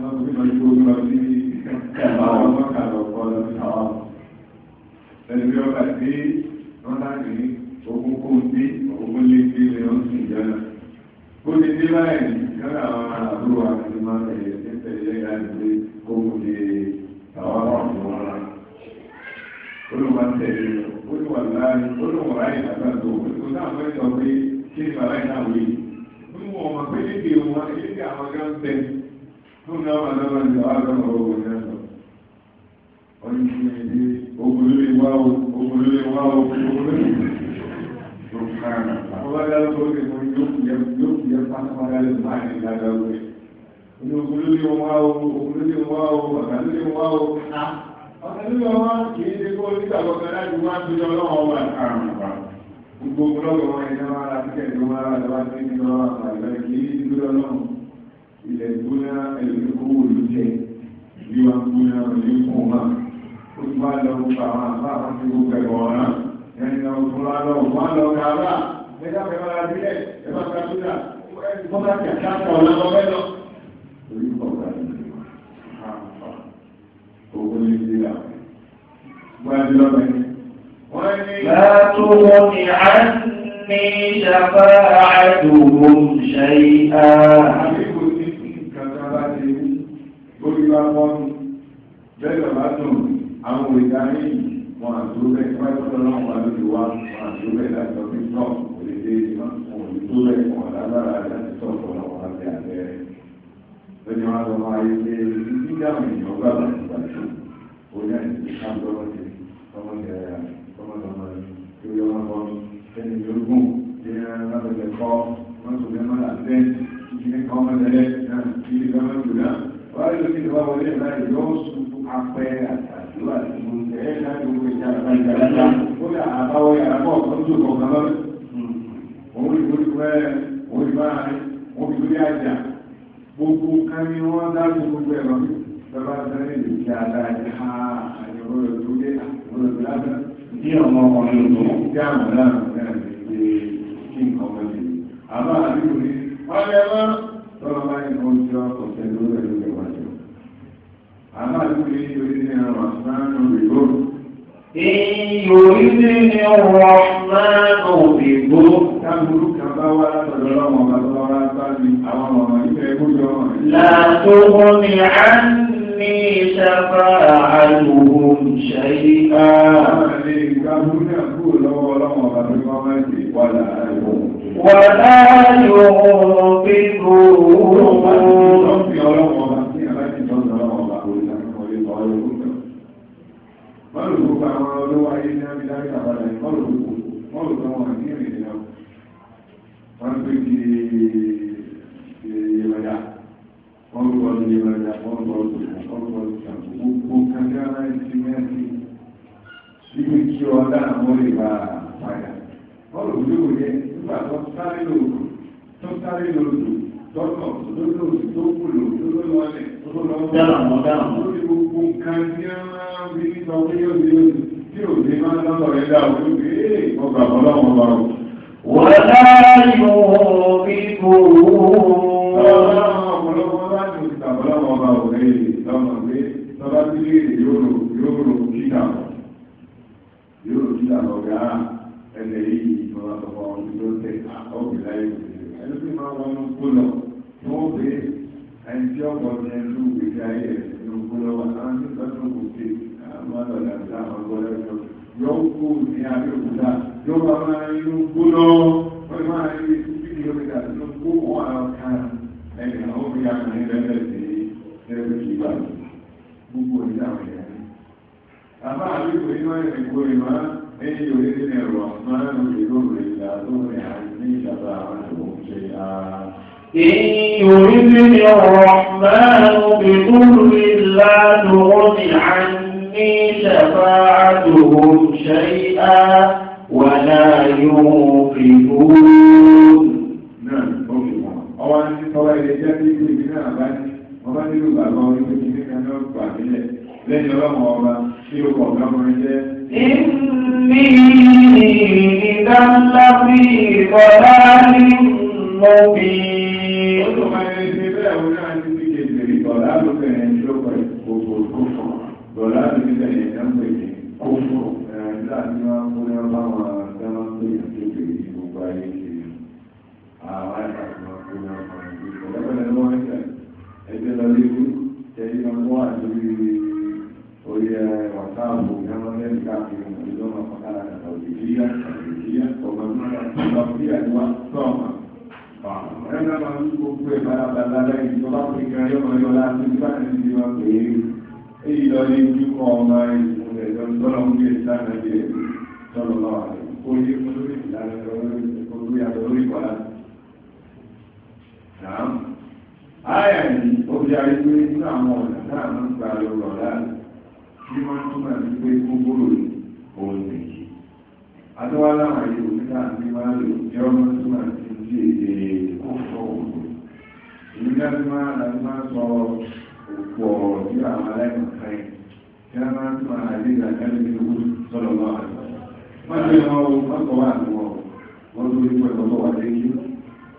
ẹni bí ọba tí wọn láti ní ogún kó ń bí ogún lé bí lè ń sìn jọna ó ti dé báyìí lọ́dọ̀ àwọn àbúrò àti máa ń tẹ̀lé ní tẹ̀lé láti gbé ogún lè tàwọn ọ̀dọ́ wọn rà olùwà tẹ̀lé olùwà láàyè olùwà láàyè àgbàdo olùkọ́ náà fẹ́ sọ pé kí ni bàbá yìí náà wí. nínú ọmọ pé tó ní ọmọ náà ní àádọ́mọ̀ owó ní ẹ̀sọ́ wọ́n ní kí ní ilé ogun lórí wá o ogun lórí wá o ogun lórí tó kàn án wọ́n bá dáa tó lè fún yóò fi yẹ pátápátá lè má ní ìdájọ́ lórí ní ogun lórí wá o ogun lórí wá o ọ̀gá lórí wá o ọ̀gá lórí ilẹ̀ gbóná ẹlòmí kó wò ló jẹ bí ní ilé la gbọ́dọ̀ lọ́wọ́ ẹni. لا تغني عني شفاعتهم lórí bá pọ́ ní bẹ́ẹ̀ lọ́ba dùn àwọn òrìṣà yìí wọn àdúró bẹ́ẹ̀ wọ́n tó lọ́wọ́ wọn lórí wa wọn àdúró bẹ́ẹ̀ láti lọ sí tọ́ òrìṣà yìí wọn òrìṣà bẹ́ẹ̀ wọn lágbára láti tọ́ ọ̀pọ̀lọ́ wọn àti àbẹ́rẹ́ lórí wọn lọ máa yẹ pé títí dáhùn èèyàn gbà bá ti gbàgbé òun náà ti ká lọ́wọ́ ti tọ́mọ ìyára tọ́mọ lọ́mọ tí ó yọ wọn bọ́ ẹni yógún ní lábẹ́lẹ̀ kọ́ wọn tó fẹ́ máa dẹ́ ìdílé kan mọ́tẹ́lẹ́ náà ìdílé kan mọ́tò náà wọ́n yóò fi wá wọlé náà yóò ṣubú apẹ́ àtàdúrà ìmúlẹ̀ ẹ̀ láti wọ ìjà àgbàjà lọ́la ó yà àbáwọ̀ yàrá bọ̀ tó ń dùn kọ̀ọ̀kan lọ́rẹ̀. òun ìwé ìwé òun ìbá òun ìwé àjà gbogbo kan ni wọ́n dá sí gbogbo ẹ̀rọ mi bàbá sẹ́ni lè fi àdá ẹ̀ ha àyẹ̀wò rẹ̀ tó dé àwọn ọ̀rọ̀ lásán. bí ọmọ ọkùnrin tó ń dá àwọn náà náà lè kí nǹkan wọlé àbá àdúgbò ni wọ́n lè lọ́wọ́ bá ní ohun tí wọ́n kò tẹ́ lórí ẹ̀rọ ìwájú. àmà àdúgbò yìí torí ní àwọn àmàlù rìbó. ìyòrí ní ni wọ́n máa ń òbíbó. kan bá wá látọ̀dọ̀ lọ́wọ́ bá tọ́ wá bá mi àwọn ọmọ ìfẹ́ gbọ́dọ̀ ọmọ rẹ̀. làtòkò ní à ń ní sábà àlùkò ṣẹ́yí ká. àwọn ẹni ìgbàgbọ́ náà lọ́wọ́ ọlọ́wọ́ bá mi kọ́ mẹ́sì wà láàárọ̀. wà láàárọ̀ bíbó. sáré lòdù lọ́nà lọ́nà tó kùlò lọ́nà lọ́lẹ̀ lọ́nà lórí gbogbo nǹkan tí a máa ń rí sọ pé yóò ní lòdù tí ò ní máa ń lọ́nà rẹ̀ dá òun pé ee ọgbà ọlọ́run bá wò. wọ́n sáré yóò ọdún tó tẹ̀ àkọ́bí ẹni tí máa wọn ń kú lọ tí wọ́n pè é ẹni tí ọ̀pọ̀ ní ẹlú ìgbésí ayé ẹ̀ ló ń kú lọ wà láwọn tí wọ́n tún kò sí àwọn ọ̀dọ̀ àti àwọn ọgbọ́n lẹ́jọ́ yóò kú ní abẹ́òkúta yóò bá máa ń ló kú lọ wọ́n máa ń rí fifty kilomita ló kú wọ́n àwọn kan ẹ̀yìn àwọn obìnrin akọni lẹ́lẹ̀ sí ẹgbẹ́ ìgbà gbogbo ìdáhùn yẹn. àbá àbíkò iná ẹ̀kọ́ ìmọ̀ إن يريدني الرحمن بضر لا تغني عني شفاعتهم شيئا إن يردني الرحمن بضر لا تغني عني شفاعتهم شيئا ولا ينقذون نعم ọwọ́ ní tọ́wọ́ ilé náà bá ní wọ́n bá ní kan náà jẹ́ إني إذا لفي ضلال مبين. Bọ̀lá ti tẹ̀lé ẹ̀dá ń pè ní kófò ẹ̀dá ní wọ́n kó ní ọba wọn dáná pé ìdíje ìdìbò bá yé kiri. Àwọn àìsàn ti ní ọba. lálẹ́ ìjọba pé kan yóò mọ̀ yọ láti nígbà tí wọ́n pè é èyí lọ ní ojú kọ ọmọ ìṣẹ̀lẹ̀ lọ tọ́lọ̀ ń gbé ìlànà ìdè tọ́lọ̀ lọ́wọ́ rẹ̀ ó yé fún lórí ìlànà lórí àtọ̀ lórí ìkọlá. Àyà yìí ó fi ayé pé nínú àwọn ọ̀nà náà ló ń gba lórí ọ̀la bí wọ́n túmọ̀ sí pé gbogbo òun nìyí. Adéwálá àwọn ìlú nígbà tí wọ́n lò jẹ́ ọmọ túmọ̀ sí ti èdè kófò èyí náà ti máa láti máa sọ òkú ọ̀rọ̀ sí àwọn aláìmọ̀ká yìí kí wọ́n máa tún máa àlè ìdájọ́ ní ìlú sọ̀rọ̀ lọ́wọ́ àgbà. wọ́n ti mọ ohun wọ́n sọ wà ní wọn wọ́n tó ní pẹ̀lú ọ̀pọ̀ wà lẹ́yìn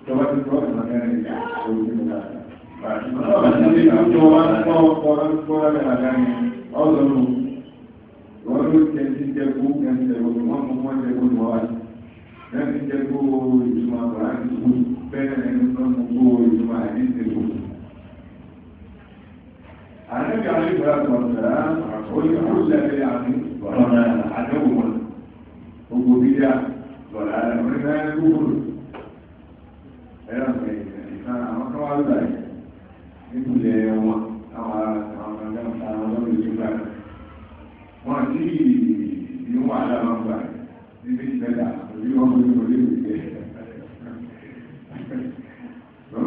tọ́wọ́ ti tọ́ ìmọ̀ mẹ́rin ìgbà wọ́n ló jẹ́ ti jẹ́kú ẹ̀ńtẹ̀ òṣùwọ̀n mọ́ jẹ́kú ìwọ́wá jẹ́ ti jẹ́kú ìtumọ̀ àbúrá ìtumọ̀ bẹ́ẹ̀ nínú tó mú gbogbo ìjọba ẹ̀mí ti lò. Àrẹ́bí àwọn ìgbà gbọ̀ngàn oníkó lẹ́bí àmì ọ̀nà àdéhùn wọn. Gbogbo bíyà lọ̀dà ẹ̀mí náà gbogbo. Ẹ̀rọ ìgbà ìgbà àwọn kan wá gbà yìí nípìnlẹ̀ wọn àwọn àwọn ọ̀gá ń ta àwọn lọ́dún ìjọba. Wọ́n ti ní wàhálà wọn gbà níbi ìbẹ̀dà òbí wọn kò ìgbẹ́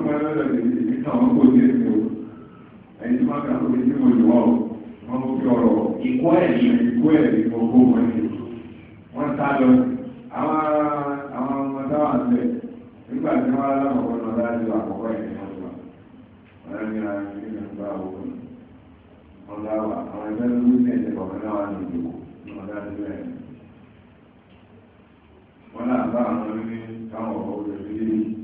wọ́n máa lọ́dọ̀ ẹni káwọn ọ̀rọ̀ òkè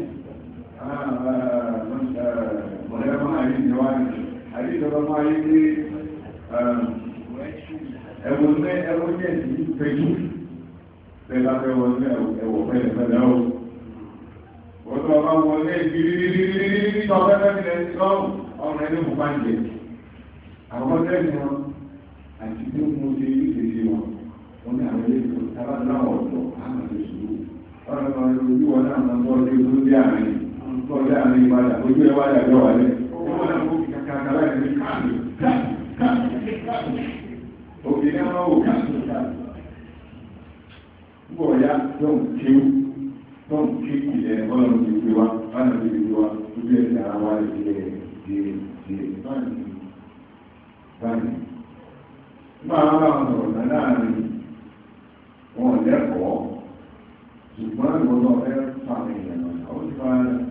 mọ̀lẹ́kùn àwọn ọ̀rẹ́ ní àwọn ilé náà ọ̀dọ̀ àmọ̀ ní ojú wọn náà tọ́jà ní ìpadà ojú ẹ̀ wájà lọ́wọ́ alẹ́ wọ́n náà kó kàkà kàlá ìdílé káàmì káàmì káàmì òkè ní àwọn òwò káàmì káàmì. Bọ̀ ya tọ́n kíw kí ilẹ̀ ọlọ́run ti fi wá ti fi wá ojú báyìí Máa bá wọn sọ̀rọ̀ láàárín wọn lẹ́kọ̀ọ́ ṣùgbọ́n ìwọ́n lọ fẹ́ fàmì ìyànà ó ti fara rẹ̀.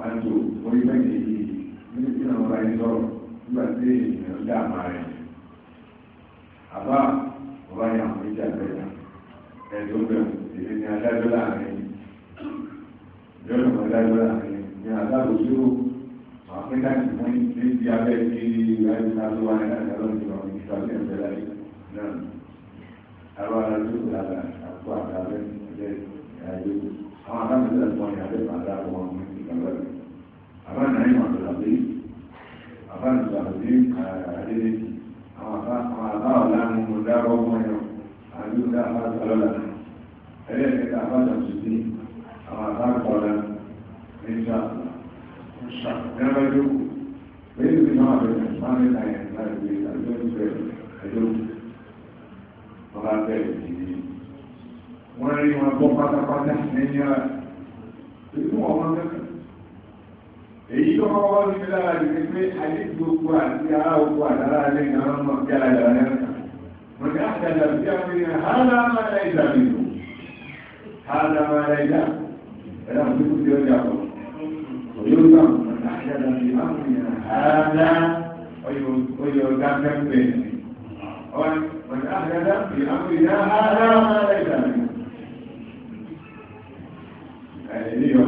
pàtó orí mẹ́jẹ yìí ní kí náà wọ́n sọ nígbà tí èèyàn dá àmà rẹ̀. àbá ọba yà wọ́n méjì àbẹ̀yà ẹ̀dùn bẹ̀rù èmi ni adájọ́ láàrin yọ̀nà wọn adájọ́ láàrin ní alábòsí ó wàá pín láti wọ́n ní ti abẹ́ ti láti sáré wáyé láti alọ́ọ̀dì wọn ní ìsàlẹ̀ ẹ̀fẹ́ láyé náà. àwọn aráàlú kò lára àpò àtàlẹ́ ẹ̀jẹ̀ ìyá ìlú àwọn akáàmì tẹ̀sán ìyá lẹ́ẹ̀kan dáàbò wọn mú àbá nàìjíríà àtọ̀làbí àbá àtọ̀làbí àdéhùn àwọn àbá ọ̀la ń mú dárọ̀ ọmọ yọ àbí ọ̀la àbá àtọ̀lọ́la ẹlẹ́ẹ̀kẹta àbá àtọ̀tùtù àwọn àbá àtọ̀lá nígbà ẹ̀rọ ìjókòó pẹ̀lú ìgbìmọ̀ àbẹ̀rẹ̀ sáré láyé láti gbé àjọ ìgbẹ́ ẹjọ́ ọba bẹ́ẹ̀ ni wọ́n rí wọn bọ́ pátápátá nínú ìlú ọmọ mẹ́ta. èyí tó kọ́kọ́ wọ́n ti lára rẹ̀ ti pé àdéhùn òkú àti ará òkú àtàrà alẹ́ ní àwọn ọmọ bí ara rẹ̀ rẹ̀ wọ́n ti àti àdàbí tí a fi ní hàlá máa ra ìjà mi lò hàlá máa ra ìjà ẹ̀rọ àti kò tí ó jà pọ̀ òyò gbà wọ́n ti àti àdàbí a fi ní hàlá oyè ọ̀gá pẹ́pẹ́ wọ́n ti àti àdàbí a fi ní hàlá máa ra ìjà mi lò.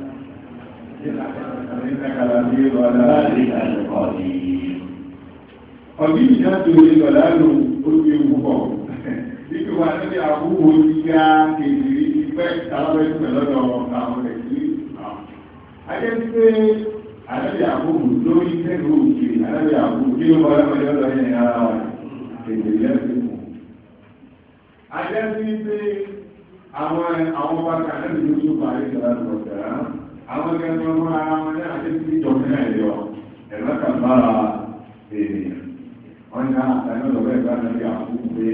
ọ̀bí ìjọ́tò ilé lọ́lá ló ojú ewu pọ̀ nígbà wà níbi àwúwo ti ga kèdìrí ti pẹ́ tàbí pẹ̀lọ́dọ̀ àwọn rẹ̀ sí ajẹ́sípé àlẹ́bí àwúwo lórí tẹ́lú òkè àlẹ́bí àwúwo kí ló wọ́n lọ́wọ́ lọ́dọ̀ yẹn ara wà kèdìrí lẹ́sìn mú ajẹ́sípé àwọn àwọn bá kà lẹ́nu tó tó parí ìjọba tó tẹ̀lá àwọn ẹgbẹ́ tí wọ́n mú ara wọn ní àti tí ìjọ fún ẹ̀yẹ ọ ẹ̀rọ kan bára èèyàn wọ́n ní àtàlẹ́ ọ̀rọ̀ ẹ̀gbá náà bí àkókò pé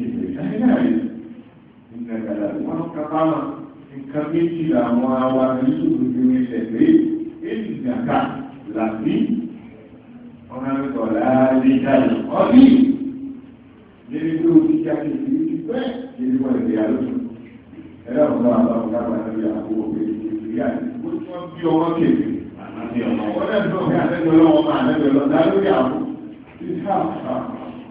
ìgbè náírà yìí nígbà kàdà tí wọ́n ká bá wọn nǹkan méjì làwọn awa nítorí tí wọ́n ṣẹ̀ pé èyí ìjàkà làbí ọmọ ẹ̀kọ́ láàrin káyọ̀ ọ̀bí nínú ìlú òkìkí àti ìlú ìgbẹ́ ìlú ọ̀rẹ́ ẹ̀rọ ọ̀gbọ́n àbáwọ̀ lábàá lórí àbò òbèrè kìkìrì àti bó tí wọ́n bí ọmọ kéèké àti ọmọ ọ̀rẹ́ ìdókè àtẹ́gbẹ̀lọ́ ọmọ àtẹ́gbẹ̀lọ́ dá lórí àbò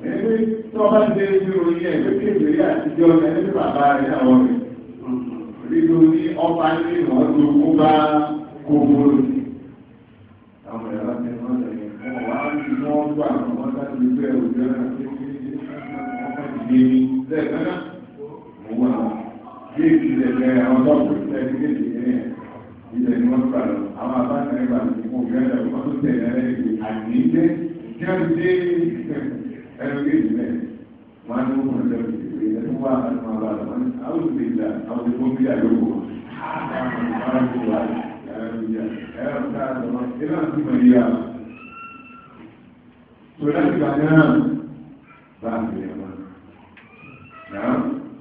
ẹgbẹ́ tó bá ń bẹ̀rẹ̀ sí orí ẹgbẹ́ kéèké àtijọ́ ẹgbẹ́ tí bàbá rẹ̀ náà wọ́n rẹ̀ nínú ní ọba ní ìwọ̀n tó kó bá kókó lórí. àwọn ẹ̀rọ ti wọ́n lè wọ́n wá sí wọ́n gbà wọ́n bá ti gbé òjò náà kékeré ọkọ̀ ìgbéni lẹ́ẹ̀kan náà mo wà á àwọn tó kú ilẹ̀ ní kéde yẹn ilẹ̀ ni wọ́n gbà lọ àwọn abáṣẹ ẹgbà ní kò fi ẹ̀rọ wọn tó tẹ̀lé ẹ̀rẹ́ ìgbè àgbéyé tí wọ́n ti dé ẹ̀rọ kéde lẹ̀ wọ́n á ní wọ́n kọ̀ lọ́wọ́ ìgbè ẹ̀ tó wà láti máa bá lọ́wọ́ àwọn òbí ìlà àwọn òbí wọn bí àlọ́wọ́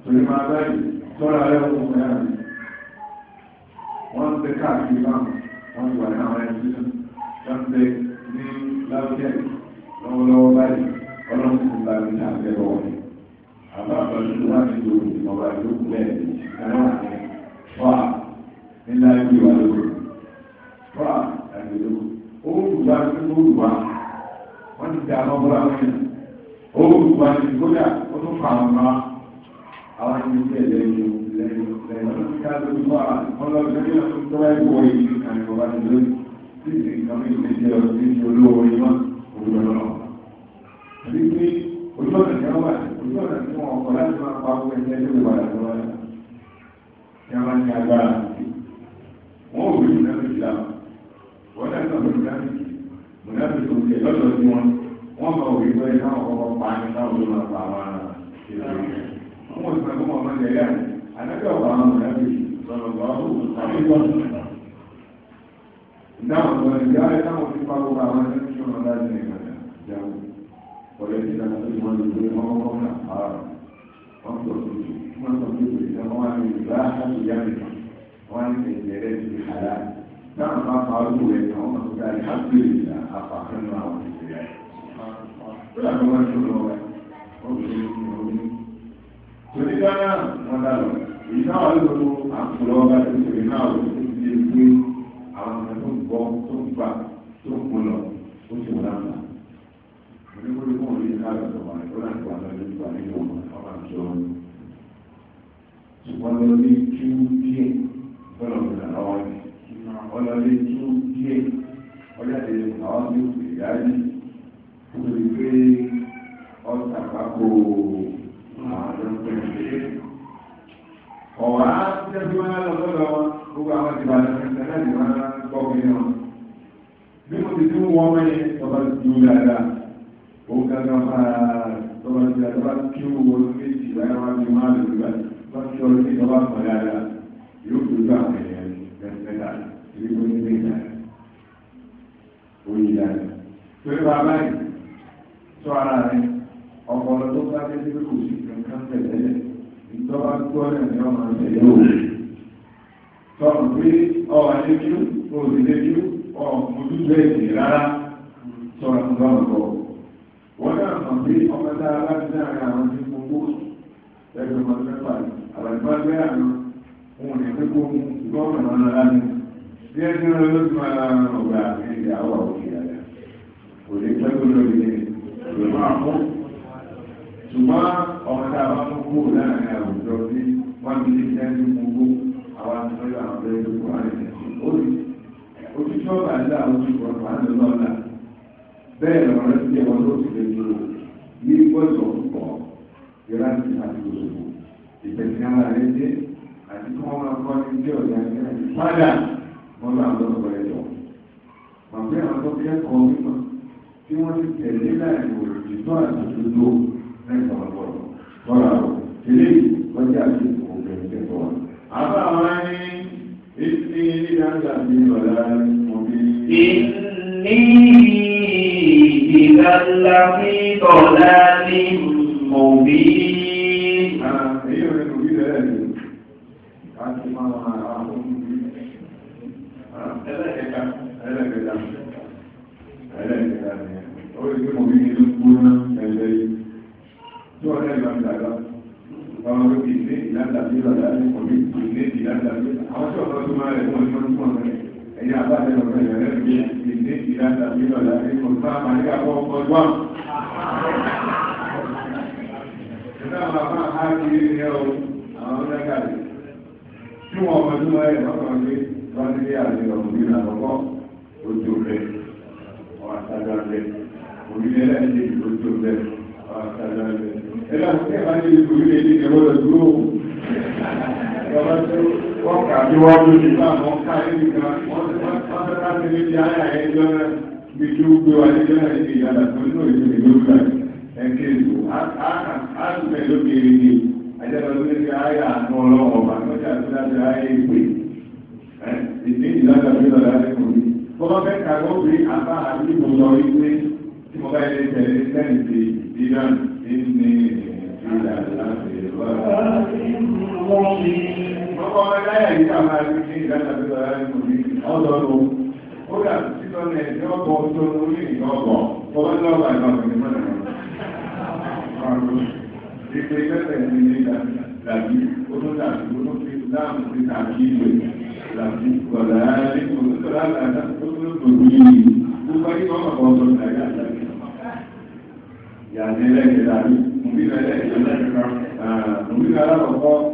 Sọlá ti lọ́ra rẹ̀ wọ́n ya náà wọ́n ń káàkiri náà wọ́n ti wà ní àwọn ẹni tuntun wọ́n ní lábẹ́ lọ́wọ́lọ́wọ́ báyìí ọlọ́run ti ń ní abẹ́ lọ́wọ́ àbá àbájú ní bẹ́ẹ̀ ẹ̀rọ àti wà àwọn ẹni tí ẹ̀lẹ́ ní lẹ́yìn lẹ́yìn ká ló ń bá ọlọ́dún ní ọdún tó wáyé wọ ìlú kan ní ọba tó lóyún tí ìsìn kan ní ìlú jẹ́ ọdún tí olówó ni wọ́n òun lọ lọ́wọ́. àbí pé ojú ọ̀nà tí wọ́n wà ojú ọ̀nà tí wọ́n ọkọ̀ láti máa pa owó ẹgbẹ́ tó lè padà lọ́wọ́ rẹ̀ kí a máa ní agbára wọn ò rí ìdáná ìlà wọn dáná ìlà mùnàfi tó ti lọ́dọ̀ sí wọn wọ́n máa wò wípé káwọn kọ́kọ́ pa ní káwọn ló máa pa àwọn ìlànà wọn ti mọ̀ ọmọ ilẹ̀ yá àdájọ́ ọ̀pọ̀ àwọn ọ̀rẹ́ bí sọ̀rọ̀ ọ̀hún àríwọ̀ dáhùn lọ ní yára táwọn ti pa gbogbo àwọn ẹni tí wọn dá ní ìgbàdà jáwó ọ̀rẹ́ ti dá sí wọn lè gbé wọn kọ́ náà àárọ̀ wọn tó tutù wọn tó tutù ìdá wọn ní ìgbà àti ìyá mi wọn ní ìbẹ̀rẹ̀ ti hàrá táwọn bá pa ọdún rẹ̀ àwọn ọmọ tó dá ní ápùlẹ̀ ìlà àpàkánú àwọn ìbẹ̀rẹ̀ rẹ̀. ó dàbí wọn tó lọ wọn kò ní torí ghana wọn dànù èyí náà wà lóko àkùrọ̀ ọba tó ń sèké náà ló ti di pé àwọn ọmọ tó ń bọ̀ tó ń gbà tó ń kún lọ ó ti wọ́n dànù. onígbòrí fún òní ká lọ sọ̀rọ̀ àti kọ́lá ìgbà náà ló ti wà nínú ọmọ ọba àjọ. ṣùgbọ́n lọ ní tú díẹ̀ bọ́lọ̀ ọ̀gbìn àwọn ọ̀gbìn ọ̀lọ́ ní tú díẹ̀ ọ̀lá tí wọ́n lọ sọ́dọ̀ wọn gbogbo àwọn ti bàtà ẹ̀sẹ̀ náà ni wọ́n gbọ́ pé náà bí mo ti tún wọ́n wọ́n yẹn tọ́ba ti dúró dáadáa òun kankan máa tọ́ba ti dáadáa bá kí ó wọ́n méjì láyé wọn ti máa lò lóba bá kí ọ̀rọ̀ ní tọ́ba pọ̀ dáadáa yóò dojú àwọn èèyàn lẹ́sẹ̀dá ibi tó ní pé náà ó yí dáadáa. torí bàbá yìí tó ara rẹ̀ ọ̀pọ̀lọpọ̀ bá dé sí pé kò sí kankan tẹ̀lé ìjọba gbọ́ náà ni wọ́n máa tẹ̀lé òun tọ́kùn pé ọwà léjú òsì léjú ọmọdú bẹ́ẹ̀dì rárá sọ̀rọ̀ tó bá bọ̀. wọ́n náà mọ̀ pé ọmọ tá a bá ti dá ara àwọn tí mo wó ẹgbẹ́ ọmọ mẹ́fà àbàlùbá gbé àná òun ní pé kó mú gbọ́ọ̀mù náà lára ní. bí ẹni rẹ ló ti máa ń ọ̀gá ẹ̀yà àwọ̀ òkè àyà kò lè pẹ́ tó lórí ní ìlú máa mú. ṣùgbọ́n ọmọ tá a bá mú kúrò láàrin àwùjọ bí wọ́n ti lè àwọn àtúnlẹ̀ àwọn ọ̀rẹ́ ìlú ààrẹ òní òtítọ́ ọ̀gá ńlá ojú ọ̀pá ńlá ọ̀la bẹ́ẹ̀ lọ́wọ́ rẹ̀ sí ẹ̀wọ̀n tó ti lè dúró ní gbọ́dọ̀ púpọ̀ ìrántí àti gbogbo ìgbẹ̀sìn ara rẹ̀ dé àti kí wọ́n máa kọ́ ní ilé ọ̀dà ní àti padà wọ́n máa lọ sọ ẹ̀ lọ. Màmí àwọn tó kẹ́kọ̀ọ́ mímọ́ tí wọ́n ti tẹ̀lé láì wò òtítọ́ àbá wọn ní ìsìn ní dáńgà ní ọ̀la òbí. ìní ìdánlá ní ọ̀la ní òbí. èyí ò ní kò bí bẹ́ẹ̀ ni ká ti máa wọn àwọn ọmọ mi. ẹlẹ́kẹ̀ẹ́ta ẹlẹ́kẹ̀ẹ́ta ẹlẹ́kẹ̀ẹ́ta ni àwọn ọmọ bíi ilé ìlànà bíi ọ̀dà ẹ̀kọ́ mi ilé ìlànà bíi àwọn tí ọ̀dọ́ tó máa rẹ̀ wọ́n ti máa ń túmọ̀ rẹ̀ ẹ̀yà àbájá ọ̀rọ̀ ẹ̀yà rẹ̀ bíi ilé ìlànà bíi ọ̀dà ẹ̀kọ́ sáà máa ní àpọ̀ ọ̀dọ́ àwọn. ìlànà bàbá àti ilé ọ̀hún àwọn ọ̀dọ́gà rẹ̀ tí wọ́n ọmọ tó máa rẹ̀ lọ́kàn gbé wọ́n ti rí àlè ọ̀gbìn àkọ́kọ́ ojú rẹ̀ ọ̀ ẹ̀rọ àti ẹ̀rọ àti ìlú ilé ní ẹ̀rọ lọ dúró ìjọba tó wọ́n kà bí wọ́n ló ní báwọn wọn ká ẹni kan wọ́n ti wọ́n fẹ́ ká tẹ̀lé di ayé ẹjọ́ náà bí tí ó gbé wa ẹjọ́ náà ní ìyàrá tó nínú ìlú ìlú ìlú ẹ̀kẹ́ ìlú àtúntẹ̀ lókè èdè ajẹ́bẹ̀ ló ní ayé àánú ọlọ́wọ́ ọba lọ́jà tó dájú ayé ìpè ìdí ìlànà bí lọ́la ní kò ní. Bọ́lá fẹ́ kàgbọ́ pé àbá àdúgbò lọ wípé tí mo bá ilé Ọkọ̀ ọ̀rẹ́lá yà yìí kàmà rí ní ìdájàbí ọ̀rẹ́ ìmòrí ọ̀dọ́nù. Ó dà sí tọ́nà ẹ̀jẹ́ ọkọ̀ tó ń rí ìyọ́ ọkọ̀. Ọwọ́ ní ọgbà ìgbà يعني لك يعني مبين لك مبين لك الله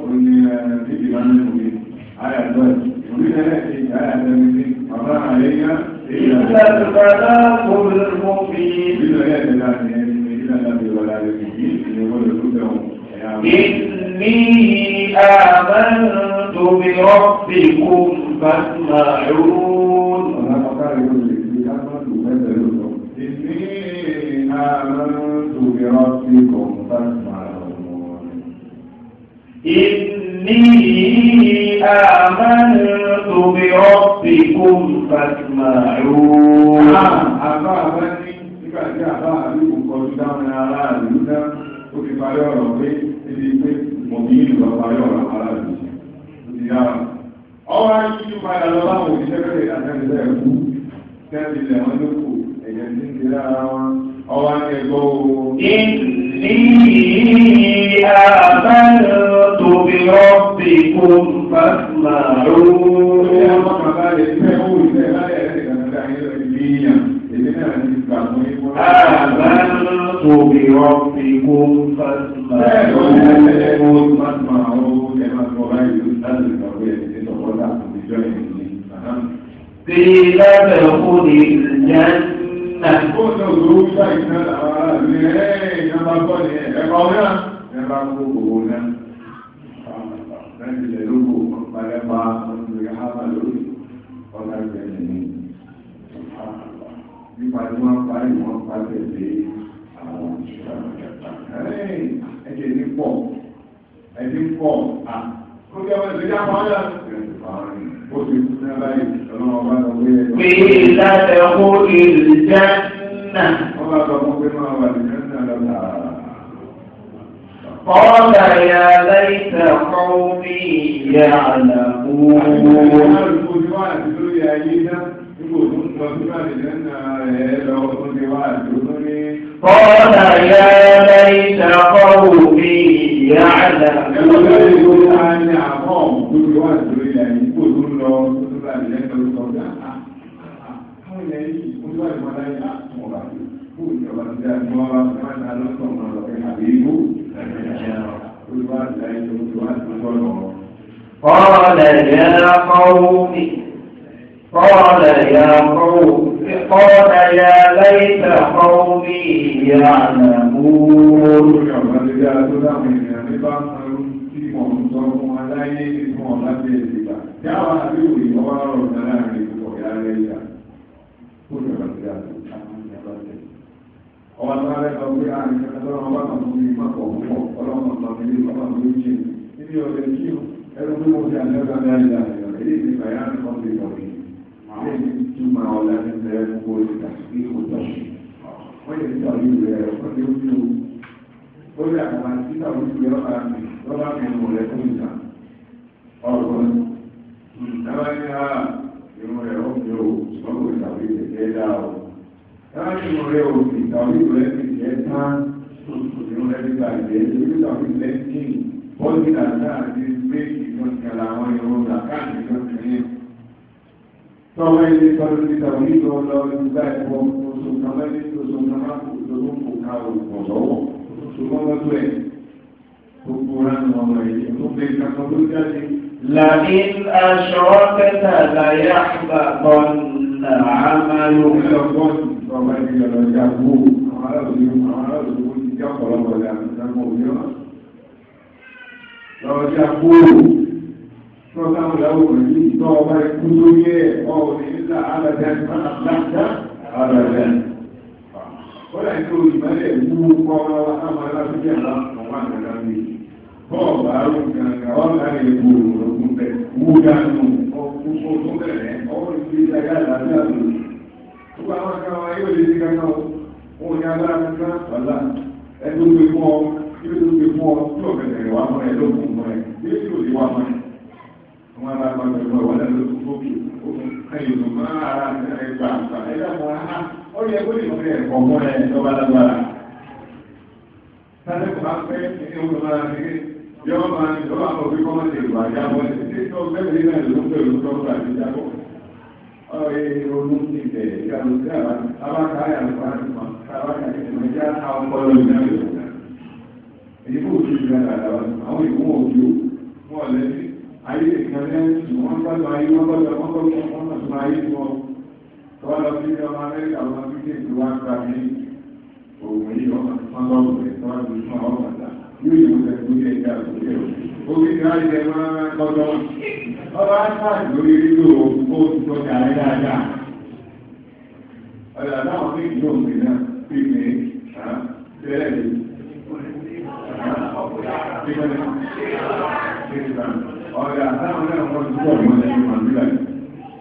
ان تيجي لنا مبين على الزواج مبين لك على الزواج مرة علينا إلا البلاغ المبين مبين لك يعني إلا الذي ولا يمكن أن يقول لكم إني آمنت بربكم فاسمعون. إني آمنت بربكم فاسمعون إني آمنت بربكم فاسمعون Àbá àbá ní nígbà tí àbá àbíkù kọjú dáhùn ara ìlú náà ó fi parí ọ̀rọ̀ pé ibi pé mọ̀mí ìlú bá parí ọ̀rọ̀ ara ìlú sí. Ìyá ọwọ́ á yí padà lọ láwọn òṣìṣẹ́ kẹ́lẹ̀ àtẹ́lẹ́sẹ̀ ẹ̀kú tẹ́lẹ̀ ilẹ̀ wọn ló kù ẹ̀yẹ ti ń wọn ọwọ́ akẹ́gbọ́ o. Ìní àbẹ̀rẹ̀ tóbi ọ̀bì kò bá màrú. Ṣé ọmọ bàbá rẹ̀ fẹ́ kó ìfẹ́ láyé rẹ̀ kàkàtà yẹn lọ sí ìyàn? Èmi náà ti gbà fún ikú. Àbẹ̀rẹ̀ tóbi ọ̀bì kò bá màrú. Bẹ́ẹ̀ ló ń tẹ́lẹ̀ kó bá màrú. Ẹ máa sọ báyìí láti ìgbàgbé ẹ̀ ti sọ̀kọ́ láti ìjọ ìrìn ní. Bí lábẹ́ òkú ni ìjẹun. Ó ẹ̀jẹ̀ ní pọ̀ ẹ̀jẹ̀ ní pọ̀ à. قيل له الجنة قال يا ليت قومي يعلمون قال يا ليت قومي يعلمون قال يا قوم قال يا قوم قال يا ليت قومي يعلمون ẹni bá mọ irú tí ń sọ fún wa láyé nínú bí ẹ gbà tí àwọn àbí òye ọwọ́ ọ̀rọ̀ náà láàrin ìdúpọ̀ ìyá rẹ̀ ìyá kó lè bá ti àwọn ìyá bá tẹ̀. ọwọ́ tó wá lẹ́kọ̀ọ́ pé àrùn ìṣẹ́ta tó wọn bá kàn fún mi má púpọ̀ ọlọ́mọ tó mi lé mi jẹ níbi ọ̀rẹ́ kí o ẹrú pé ti àjọ ìgbà bẹ́ẹ̀ ìyá rẹ̀ èyí ti ìgbà tí lórí àwọn àtìkítà olùsílẹ̀ lọ́pàá àti lọ́pàá mẹ́rin rẹ̀ fún ìjà ọ̀rọ̀ ìtàwà ní a ìrùn rẹ̀ ó fi ó sọ́kò ìtàwé ìtẹ̀jẹ́ dá o táwà ní ìrùn rẹ̀ ó fi ìtàwé rẹ̀ fi jẹ́ tán ìrùn rẹ̀ fi gbà jẹ́ ìrùn ìtàwé rẹ̀ fi bọ́ọ̀dì àti àti méjì tó ti kàlà àwọn ìrùn rẹ̀ káàkiri tó ti ní tọ́wọ́ ilé tọ́lú ti tàwé ìtọ́ lọ ìgbà ṣùgbọ́n wọ́n tó ẹ̀ gbogbo ránù ọmọ ẹ̀yẹ tó fẹ́ kankan ló jáde. لئن أشركت ليحبطن عملك. ọlọ́gbọ́n ọmọ ẹ̀yẹ lọ́jà kú àwọn aráàlú àwọn aráàlú ti jẹ́ ọ̀pọ̀lọpọ̀ ìyá ìdáná òní wa. lọ́jà kú tọ́lá ọ̀làwò yìí tọ́ ọba ikú lórí ẹ̀ ọ̀ ní ilà alàjẹ́ àti àlàjẹ́ àlàjẹ́. kọ́lá ìlú ìmọ̀lẹ̀ mú kọ́ lọ́wọ́ sáwọn alábíyà láwọn wà nígbà mi bọ́ọ̀ bá rú gàngà ọ̀gá ègbò òògùn bẹ̀ wú dànù ọkùnkùn tó bẹ̀rẹ̀ ọwọ́ ìdílé ìdájá àlàáfíà lò ó bá wọn ká yóò lè ní kankan ó ní agbára kankan pàlà ẹgbẹ́ tó fún ọ ibi tó fi fún ọ tí ọ̀gẹ̀dẹ̀ wà mọ́ ẹ lókun mọ́ ẹ bí tí ò lè wà mọ́ ẹ wọn alábàgbẹ̀ wọn wà que ó yẹ kó lè fún ẹ̀kọ́ mọ́ ẹ lọ́ba lágbára sáré kò máa fẹ́ ní oṣù máa ń rí yọ máa ń lọ́wọ́ àwọn òbí kọ́mọ́ ti wà ní àwọn ìdílé tó bẹ́ẹ̀ ní ìlú ń bẹ̀rù tó gbà ní a ọ̀rẹ́ ronú ti a ìyàwó sí àbáká àyàwó àbáká ìjọba àwọn ọpọlọ ìyàwó èyí kò tún ìgbà dáadáa àwọn ìwọ̀n òjò wọn lẹ́sí ayé ìkànnì ẹ̀sìn wọn gbọ́dọ̀ ayé wọn gbọ́dọ̀ wọn gbọ́dọ̀ wọn gbọ́dọ̀ ayé wọn wọ́n lọ sí ọmọ amẹ́ríkà ọmọ bíkẹ́ tí wọ́n gba ní òun yìí ọmọ tó ń lọ rẹ̀ tó ń lu fún ọmọ ọ̀dà yóò yẹ kó tẹ̀sí ní ẹ̀ka òkè o. omi tí wọ́n lè máa kọ́tọ́ ọba ásáàdì lórí lílo ó ti tọ́ ní alẹ́ dáadáa. ọ̀dà táwọn méjì yóò pè náà pè mí yìí.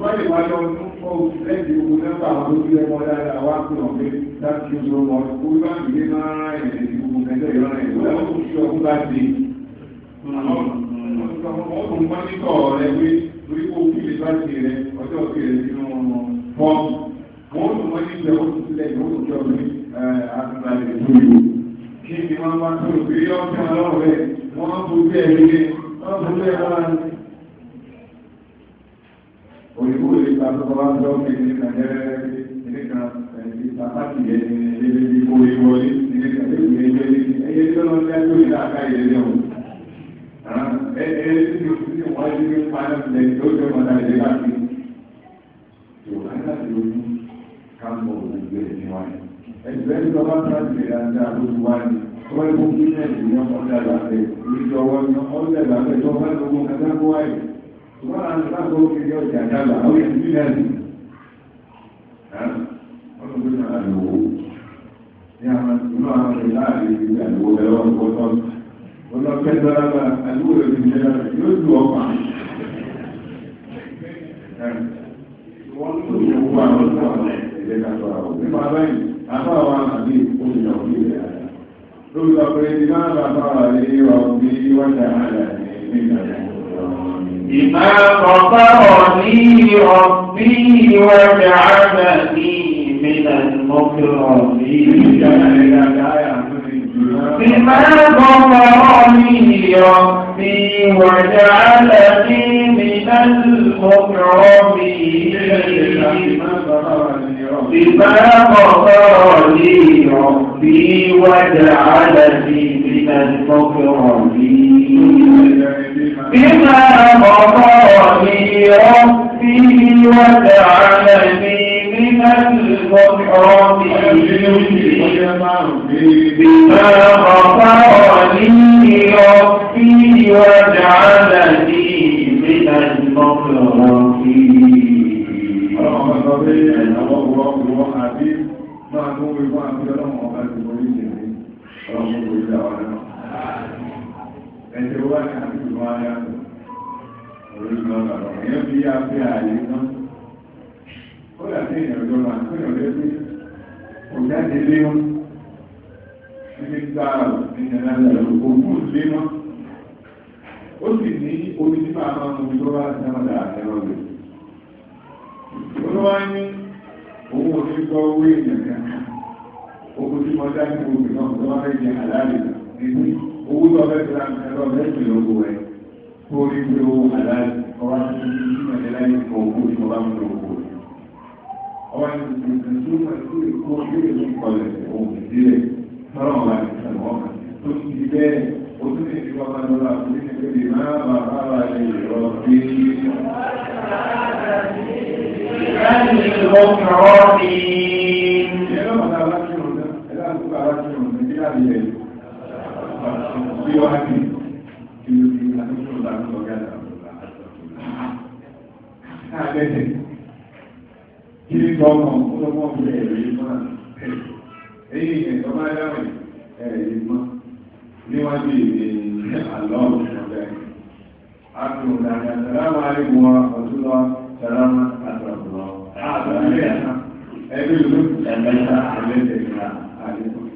wọ́n lè wá lọ fún oṣù lẹ́yìn owó nọ́mbà àwọn tó fi ẹmọ dáadáa wá pè wọ́n pé láti oṣù ọmọ tó bá ń gbé máa ń rán ẹ̀rẹ́ ti gbogbo ẹgbẹ́ ìran ẹ̀ wọ́n lọ́wọ́ oṣù ọkùn bá dé. Hmm. Hmm. ọkùn wọn ní kọ̀ rẹ pé orí kò kí lè bá ti rẹ ọjọ́ òkè rẹ sínú fọ́ọ̀mù wọ́n tún wọ́n ní ìjọba tó tilẹ̀ yóò tó jọ pé àtúntàlẹ̀ tó yò kí ni wọ́n máa tó ìgbéyàwó ìgbà tó bá ń dọ́ọ̀kì ní nàìjíríà nígbà tí pàtàkì yẹn ní ilé ní orí wọlé nígbà tí ìwé ẹgbẹ́ ní ẹyẹ tó lọ sí ẹjọ́ ìlà àká ìyẹn lẹ́wọ̀. ẹ ẹ tí o ti wọ́n ti ní parí ẹ̀ tó jẹ́ ọ̀dà ìdí láti. yóò ká láti ojú ká ń bọ̀ ògbé ẹ̀mí wa ni. ẹgbẹ́ ní ọba pàtàkì rẹ̀ àti àbójú wa ni wọ́n ti mú kí ẹ̀sìn ní ṣùgbọ́n àwọn ìgbà tó fi yọ ìjà dàgbà ó yẹ sí lẹ́nu ọlọ́gbọ́n náà lò ó ní àwọn ìlú àwọn ìlà àdéhùn ìgbà lò ó lẹ́wọ́ ọ̀pọ̀lọpọ̀ ọlọ́pẹ́ dọ́là àdúgbò rẹ̀ ti jẹ́ yóò ju ọ̀pá بما غفرني ربي وجعلني من المكرمين بما غفرني ربي وجعلني من المكرمين بما ربي وجعلني من المكرمين بما أطاني ربي وجعلني من المحرمين بما أطاني ربي وجعلني من المحرمين. اللهم صل على الله وحبيب ما نور وحبيب اللهم صل على محمد وعلى آله وصحبه وسلم ẹjọ́ wá ní àti ìwọ̀n ayàtọ̀ orílẹ̀ ọ̀làrọ̀ èèyàn bí a fẹ́ ààyè náà ó yà sí ìyàn ọjọ́ máa tó yàn lẹ́sí òjáde lé wọn níbi sáà nínú ẹ̀rọ ògùn lé wọn ó sì ní omi tí máa máa mú tó bá sáàdà ẹ̀rọ rẹ̀ olúwa ní owó orí gbọ́ owó èèyàn kan ó kó tí mo dá ní gbogbo náà tó wá fẹ́ jẹ àlàyé nígbà owó tó fẹ́ fi ráńpẹ́ lọ mẹ́sìn lóko rẹ̀ tó rí pé ó àlá ọwọ́ tó ti ní ìmọ̀lẹ́ láyé kọ owó tí mo bá ń lo owó rẹ̀. ọwọ́ tó ti ní ìtàn tó máa tó èkó ilé ìlú ìkọlẹ̀ òun ìdílé tọ́lọ́ wà ní ìtàwọn kan tó ti di bẹ́ẹ̀ o tún lè fi wọ́pá lọ́la àbúrí nípa ìdí máa bá bá wà lè rọ bí. Ìgbàlè ìwọ̀n rọ̀ bí. Ìyẹn lọ́pàá bí wá sí kí ló fi àtúntò láti ọ̀gá àtàwọn àtàwọn kí ni kọ́ ọmọ ọmọ ọ̀gbìn ẹ̀rọ yìí máa ẹ̀yìn ẹ̀tọ́ máa dáwọ̀ ẹ̀rọ yìí mọ́ níwájú ìdè àlọ́ ọ̀gbìn àtúntò láti àtàwọn àríwọ̀ ọ̀tún lọ sàrámà àtàwọn lọ àtàwọn ilé àná ẹgbẹ́ ìlú ẹ̀mẹ́ta ẹ̀mẹ́tẹ̀ẹ̀ta àdéhùn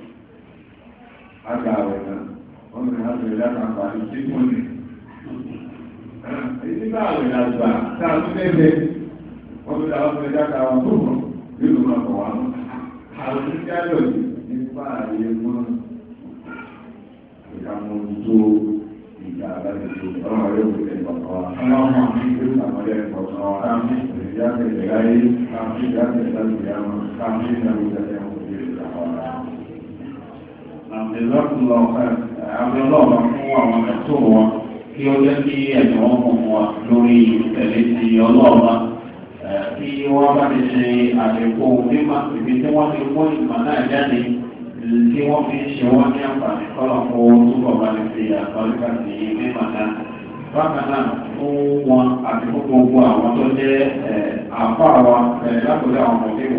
àgbà àwẹ̀ náà wọ́n ti hàn lórí láti àǹfààní tí kò ní. èyí bá àwọn èèyàn àgbà tá a tún lẹ́sẹ̀ wọ́n ti dáwọ́ fún ẹja ká wọn tó mọ̀ nínú wọn kọ̀ wá mọ́. àwọn oníṣẹ́ ayọ̀ yìí nípa àyè mọ́ ìdàmójútó ìjà àbájáde ọmọ rẹ kò tẹ̀ bàbá wa. ọmọ mi ń gbé àmọ́lẹ́ ẹ̀kọ́ kan wa. káàmì ìjà tẹ̀lé láyé káàmì ìjà tẹ̀lé láti ìyá wọn káàmì ìjà tẹ̀lé láti ìyá wọn àbẹ̀lọ́pọ̀ fún àwọn ẹ̀tọ́ wọn kí ó jẹ́ kí ẹ̀tọ́ wọn fún wa lórí ìtẹ̀lé ti ọlọ́ọ̀ba kí wọ́n bá ti ṣe àdẹ̀kọ́ mímọ́ ibi tí wọ́n ti mú ìgbà náà jáde tí wọ́n fi ṣe wọ́n ní àǹfààní kọ́lọ̀ fún owó túbọ̀ bá lè fi àtọ́lẹ́kà sí mímọ́ náà. bákan náà fún wọn àti fún gbogbo àwọn tó jẹ́ àfáà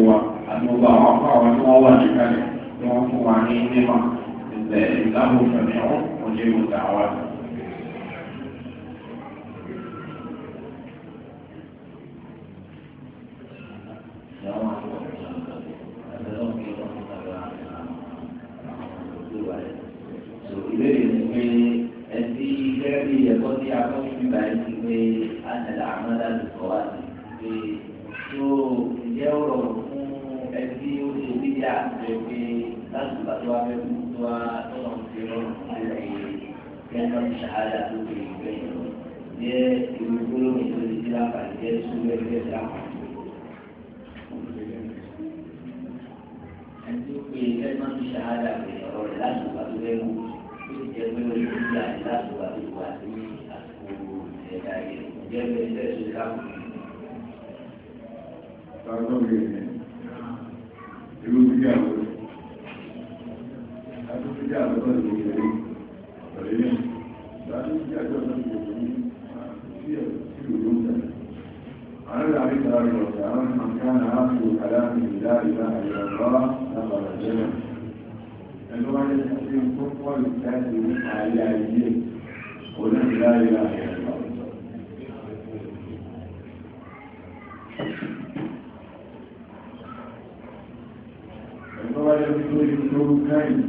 wa wọ́n fún wa ní mímọ́ ìgbẹ́ ìdáhùn fẹ̀mí ọ̀hún òjò ìwòta wa. tí ó jẹ́ ọ̀rọ̀ fún ẹbí ó ṣe bí i àjọ pé láti gbà tó wá fẹ́ kú tó wá tó lọ sí ọ̀rọ̀ àlẹ́ kẹ́ńtọ́ ti ṣàhádà tó fi ìgbẹ́ yìí lọ. Ní ìlú gbólóhùn tó ti di láǹfààní jẹ́ sùúrù ẹgbẹ́ ti láǹfààní. Ẹni tó pe kẹ́ńtọ́ ti ṣàhádà pé جاء بطلب الكريم وليم لكن جاء بطلب الكريم في الوجود عن ابي عليه الصلاه والسلام من كان اخر كلامه لا اله الا الله دخل الجنه انه ان الحكيم كفر الكاتب على ايديه ونحن لا اله الا الله Thank you.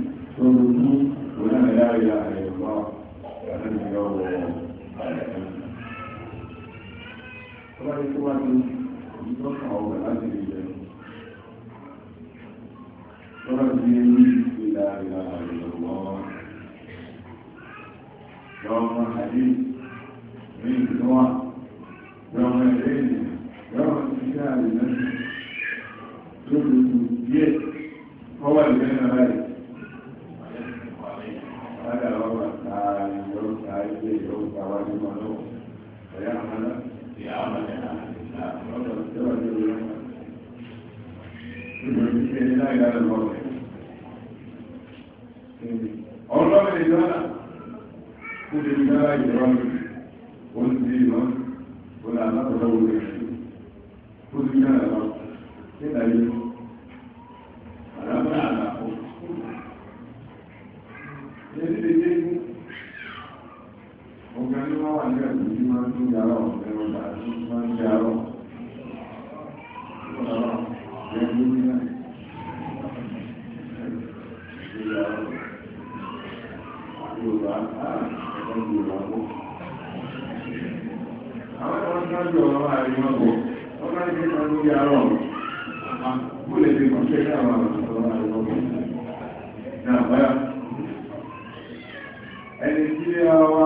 ẹni tí ti jẹ́ wọn ó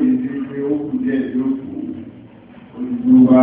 rí sí pé ó kù díẹ̀ tí ó kù ó ti gbó wá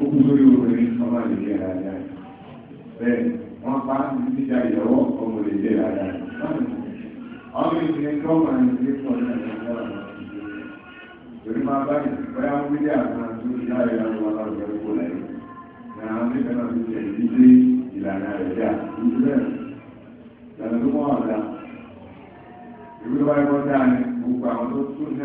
ó kú lórí obìnrin ọmọ lè jẹ́ ìrajà bẹ́ẹ̀ wọ́n pa jíjà ìyàwó ọmọ lè jẹ́ ìrajà ọmọ ìpínlẹ̀ kọ́ wà ní ilé pọ̀ ní ọjọ́ àwọn torí máa bá ìpẹ́yà wílé àwọn tó ń dá ìlànà wọn lọ́wọ́ ẹ̀kọ́ láyé ní àwọn mẹ́ta náà ti tẹ̀lé dídé ìlànà rẹ̀ dá ìdílé ìlànà tó mọ́ ọ̀dà ìwé wáyé dáa ní gbogbo àwọn tó tún ní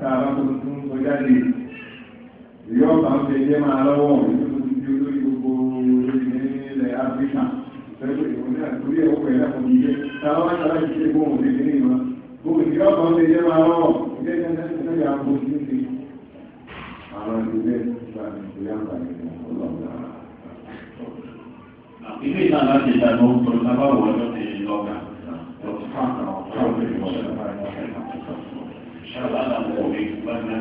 tá a bá tó tún sọ jáde ìyọ́ ọ̀tá ń ṣe jẹ́ máa lọ́wọ́ ìdúró ti di olórí gbogbo ilẹ̀ áfíríkà pẹ̀lú ìwọ̀n náà torí ẹ̀wọ́ pẹ̀lú ẹ̀kọ́ mi jẹ́ tá a wá sára ti ṣe gbóhùn ní ìdílé ìmọ̀ gbogbo ìyọ́ ọ̀tá ń ṣe jẹ́ máa lọ́wọ́ ilé ìtẹ́lẹ̀ àpò ìdílé àwọn ìdílé ìgbà ìgbà ìgbà ilé ìta láti ìdáná ń tọ́lú lábáwọ̀ ọjọ́ ti lọ́gà lọ́sùn fún àkàrà ọ̀pọ̀ ọ̀pọ̀ ìwọ̀n ṣáà bá làwọn òwe gbáná.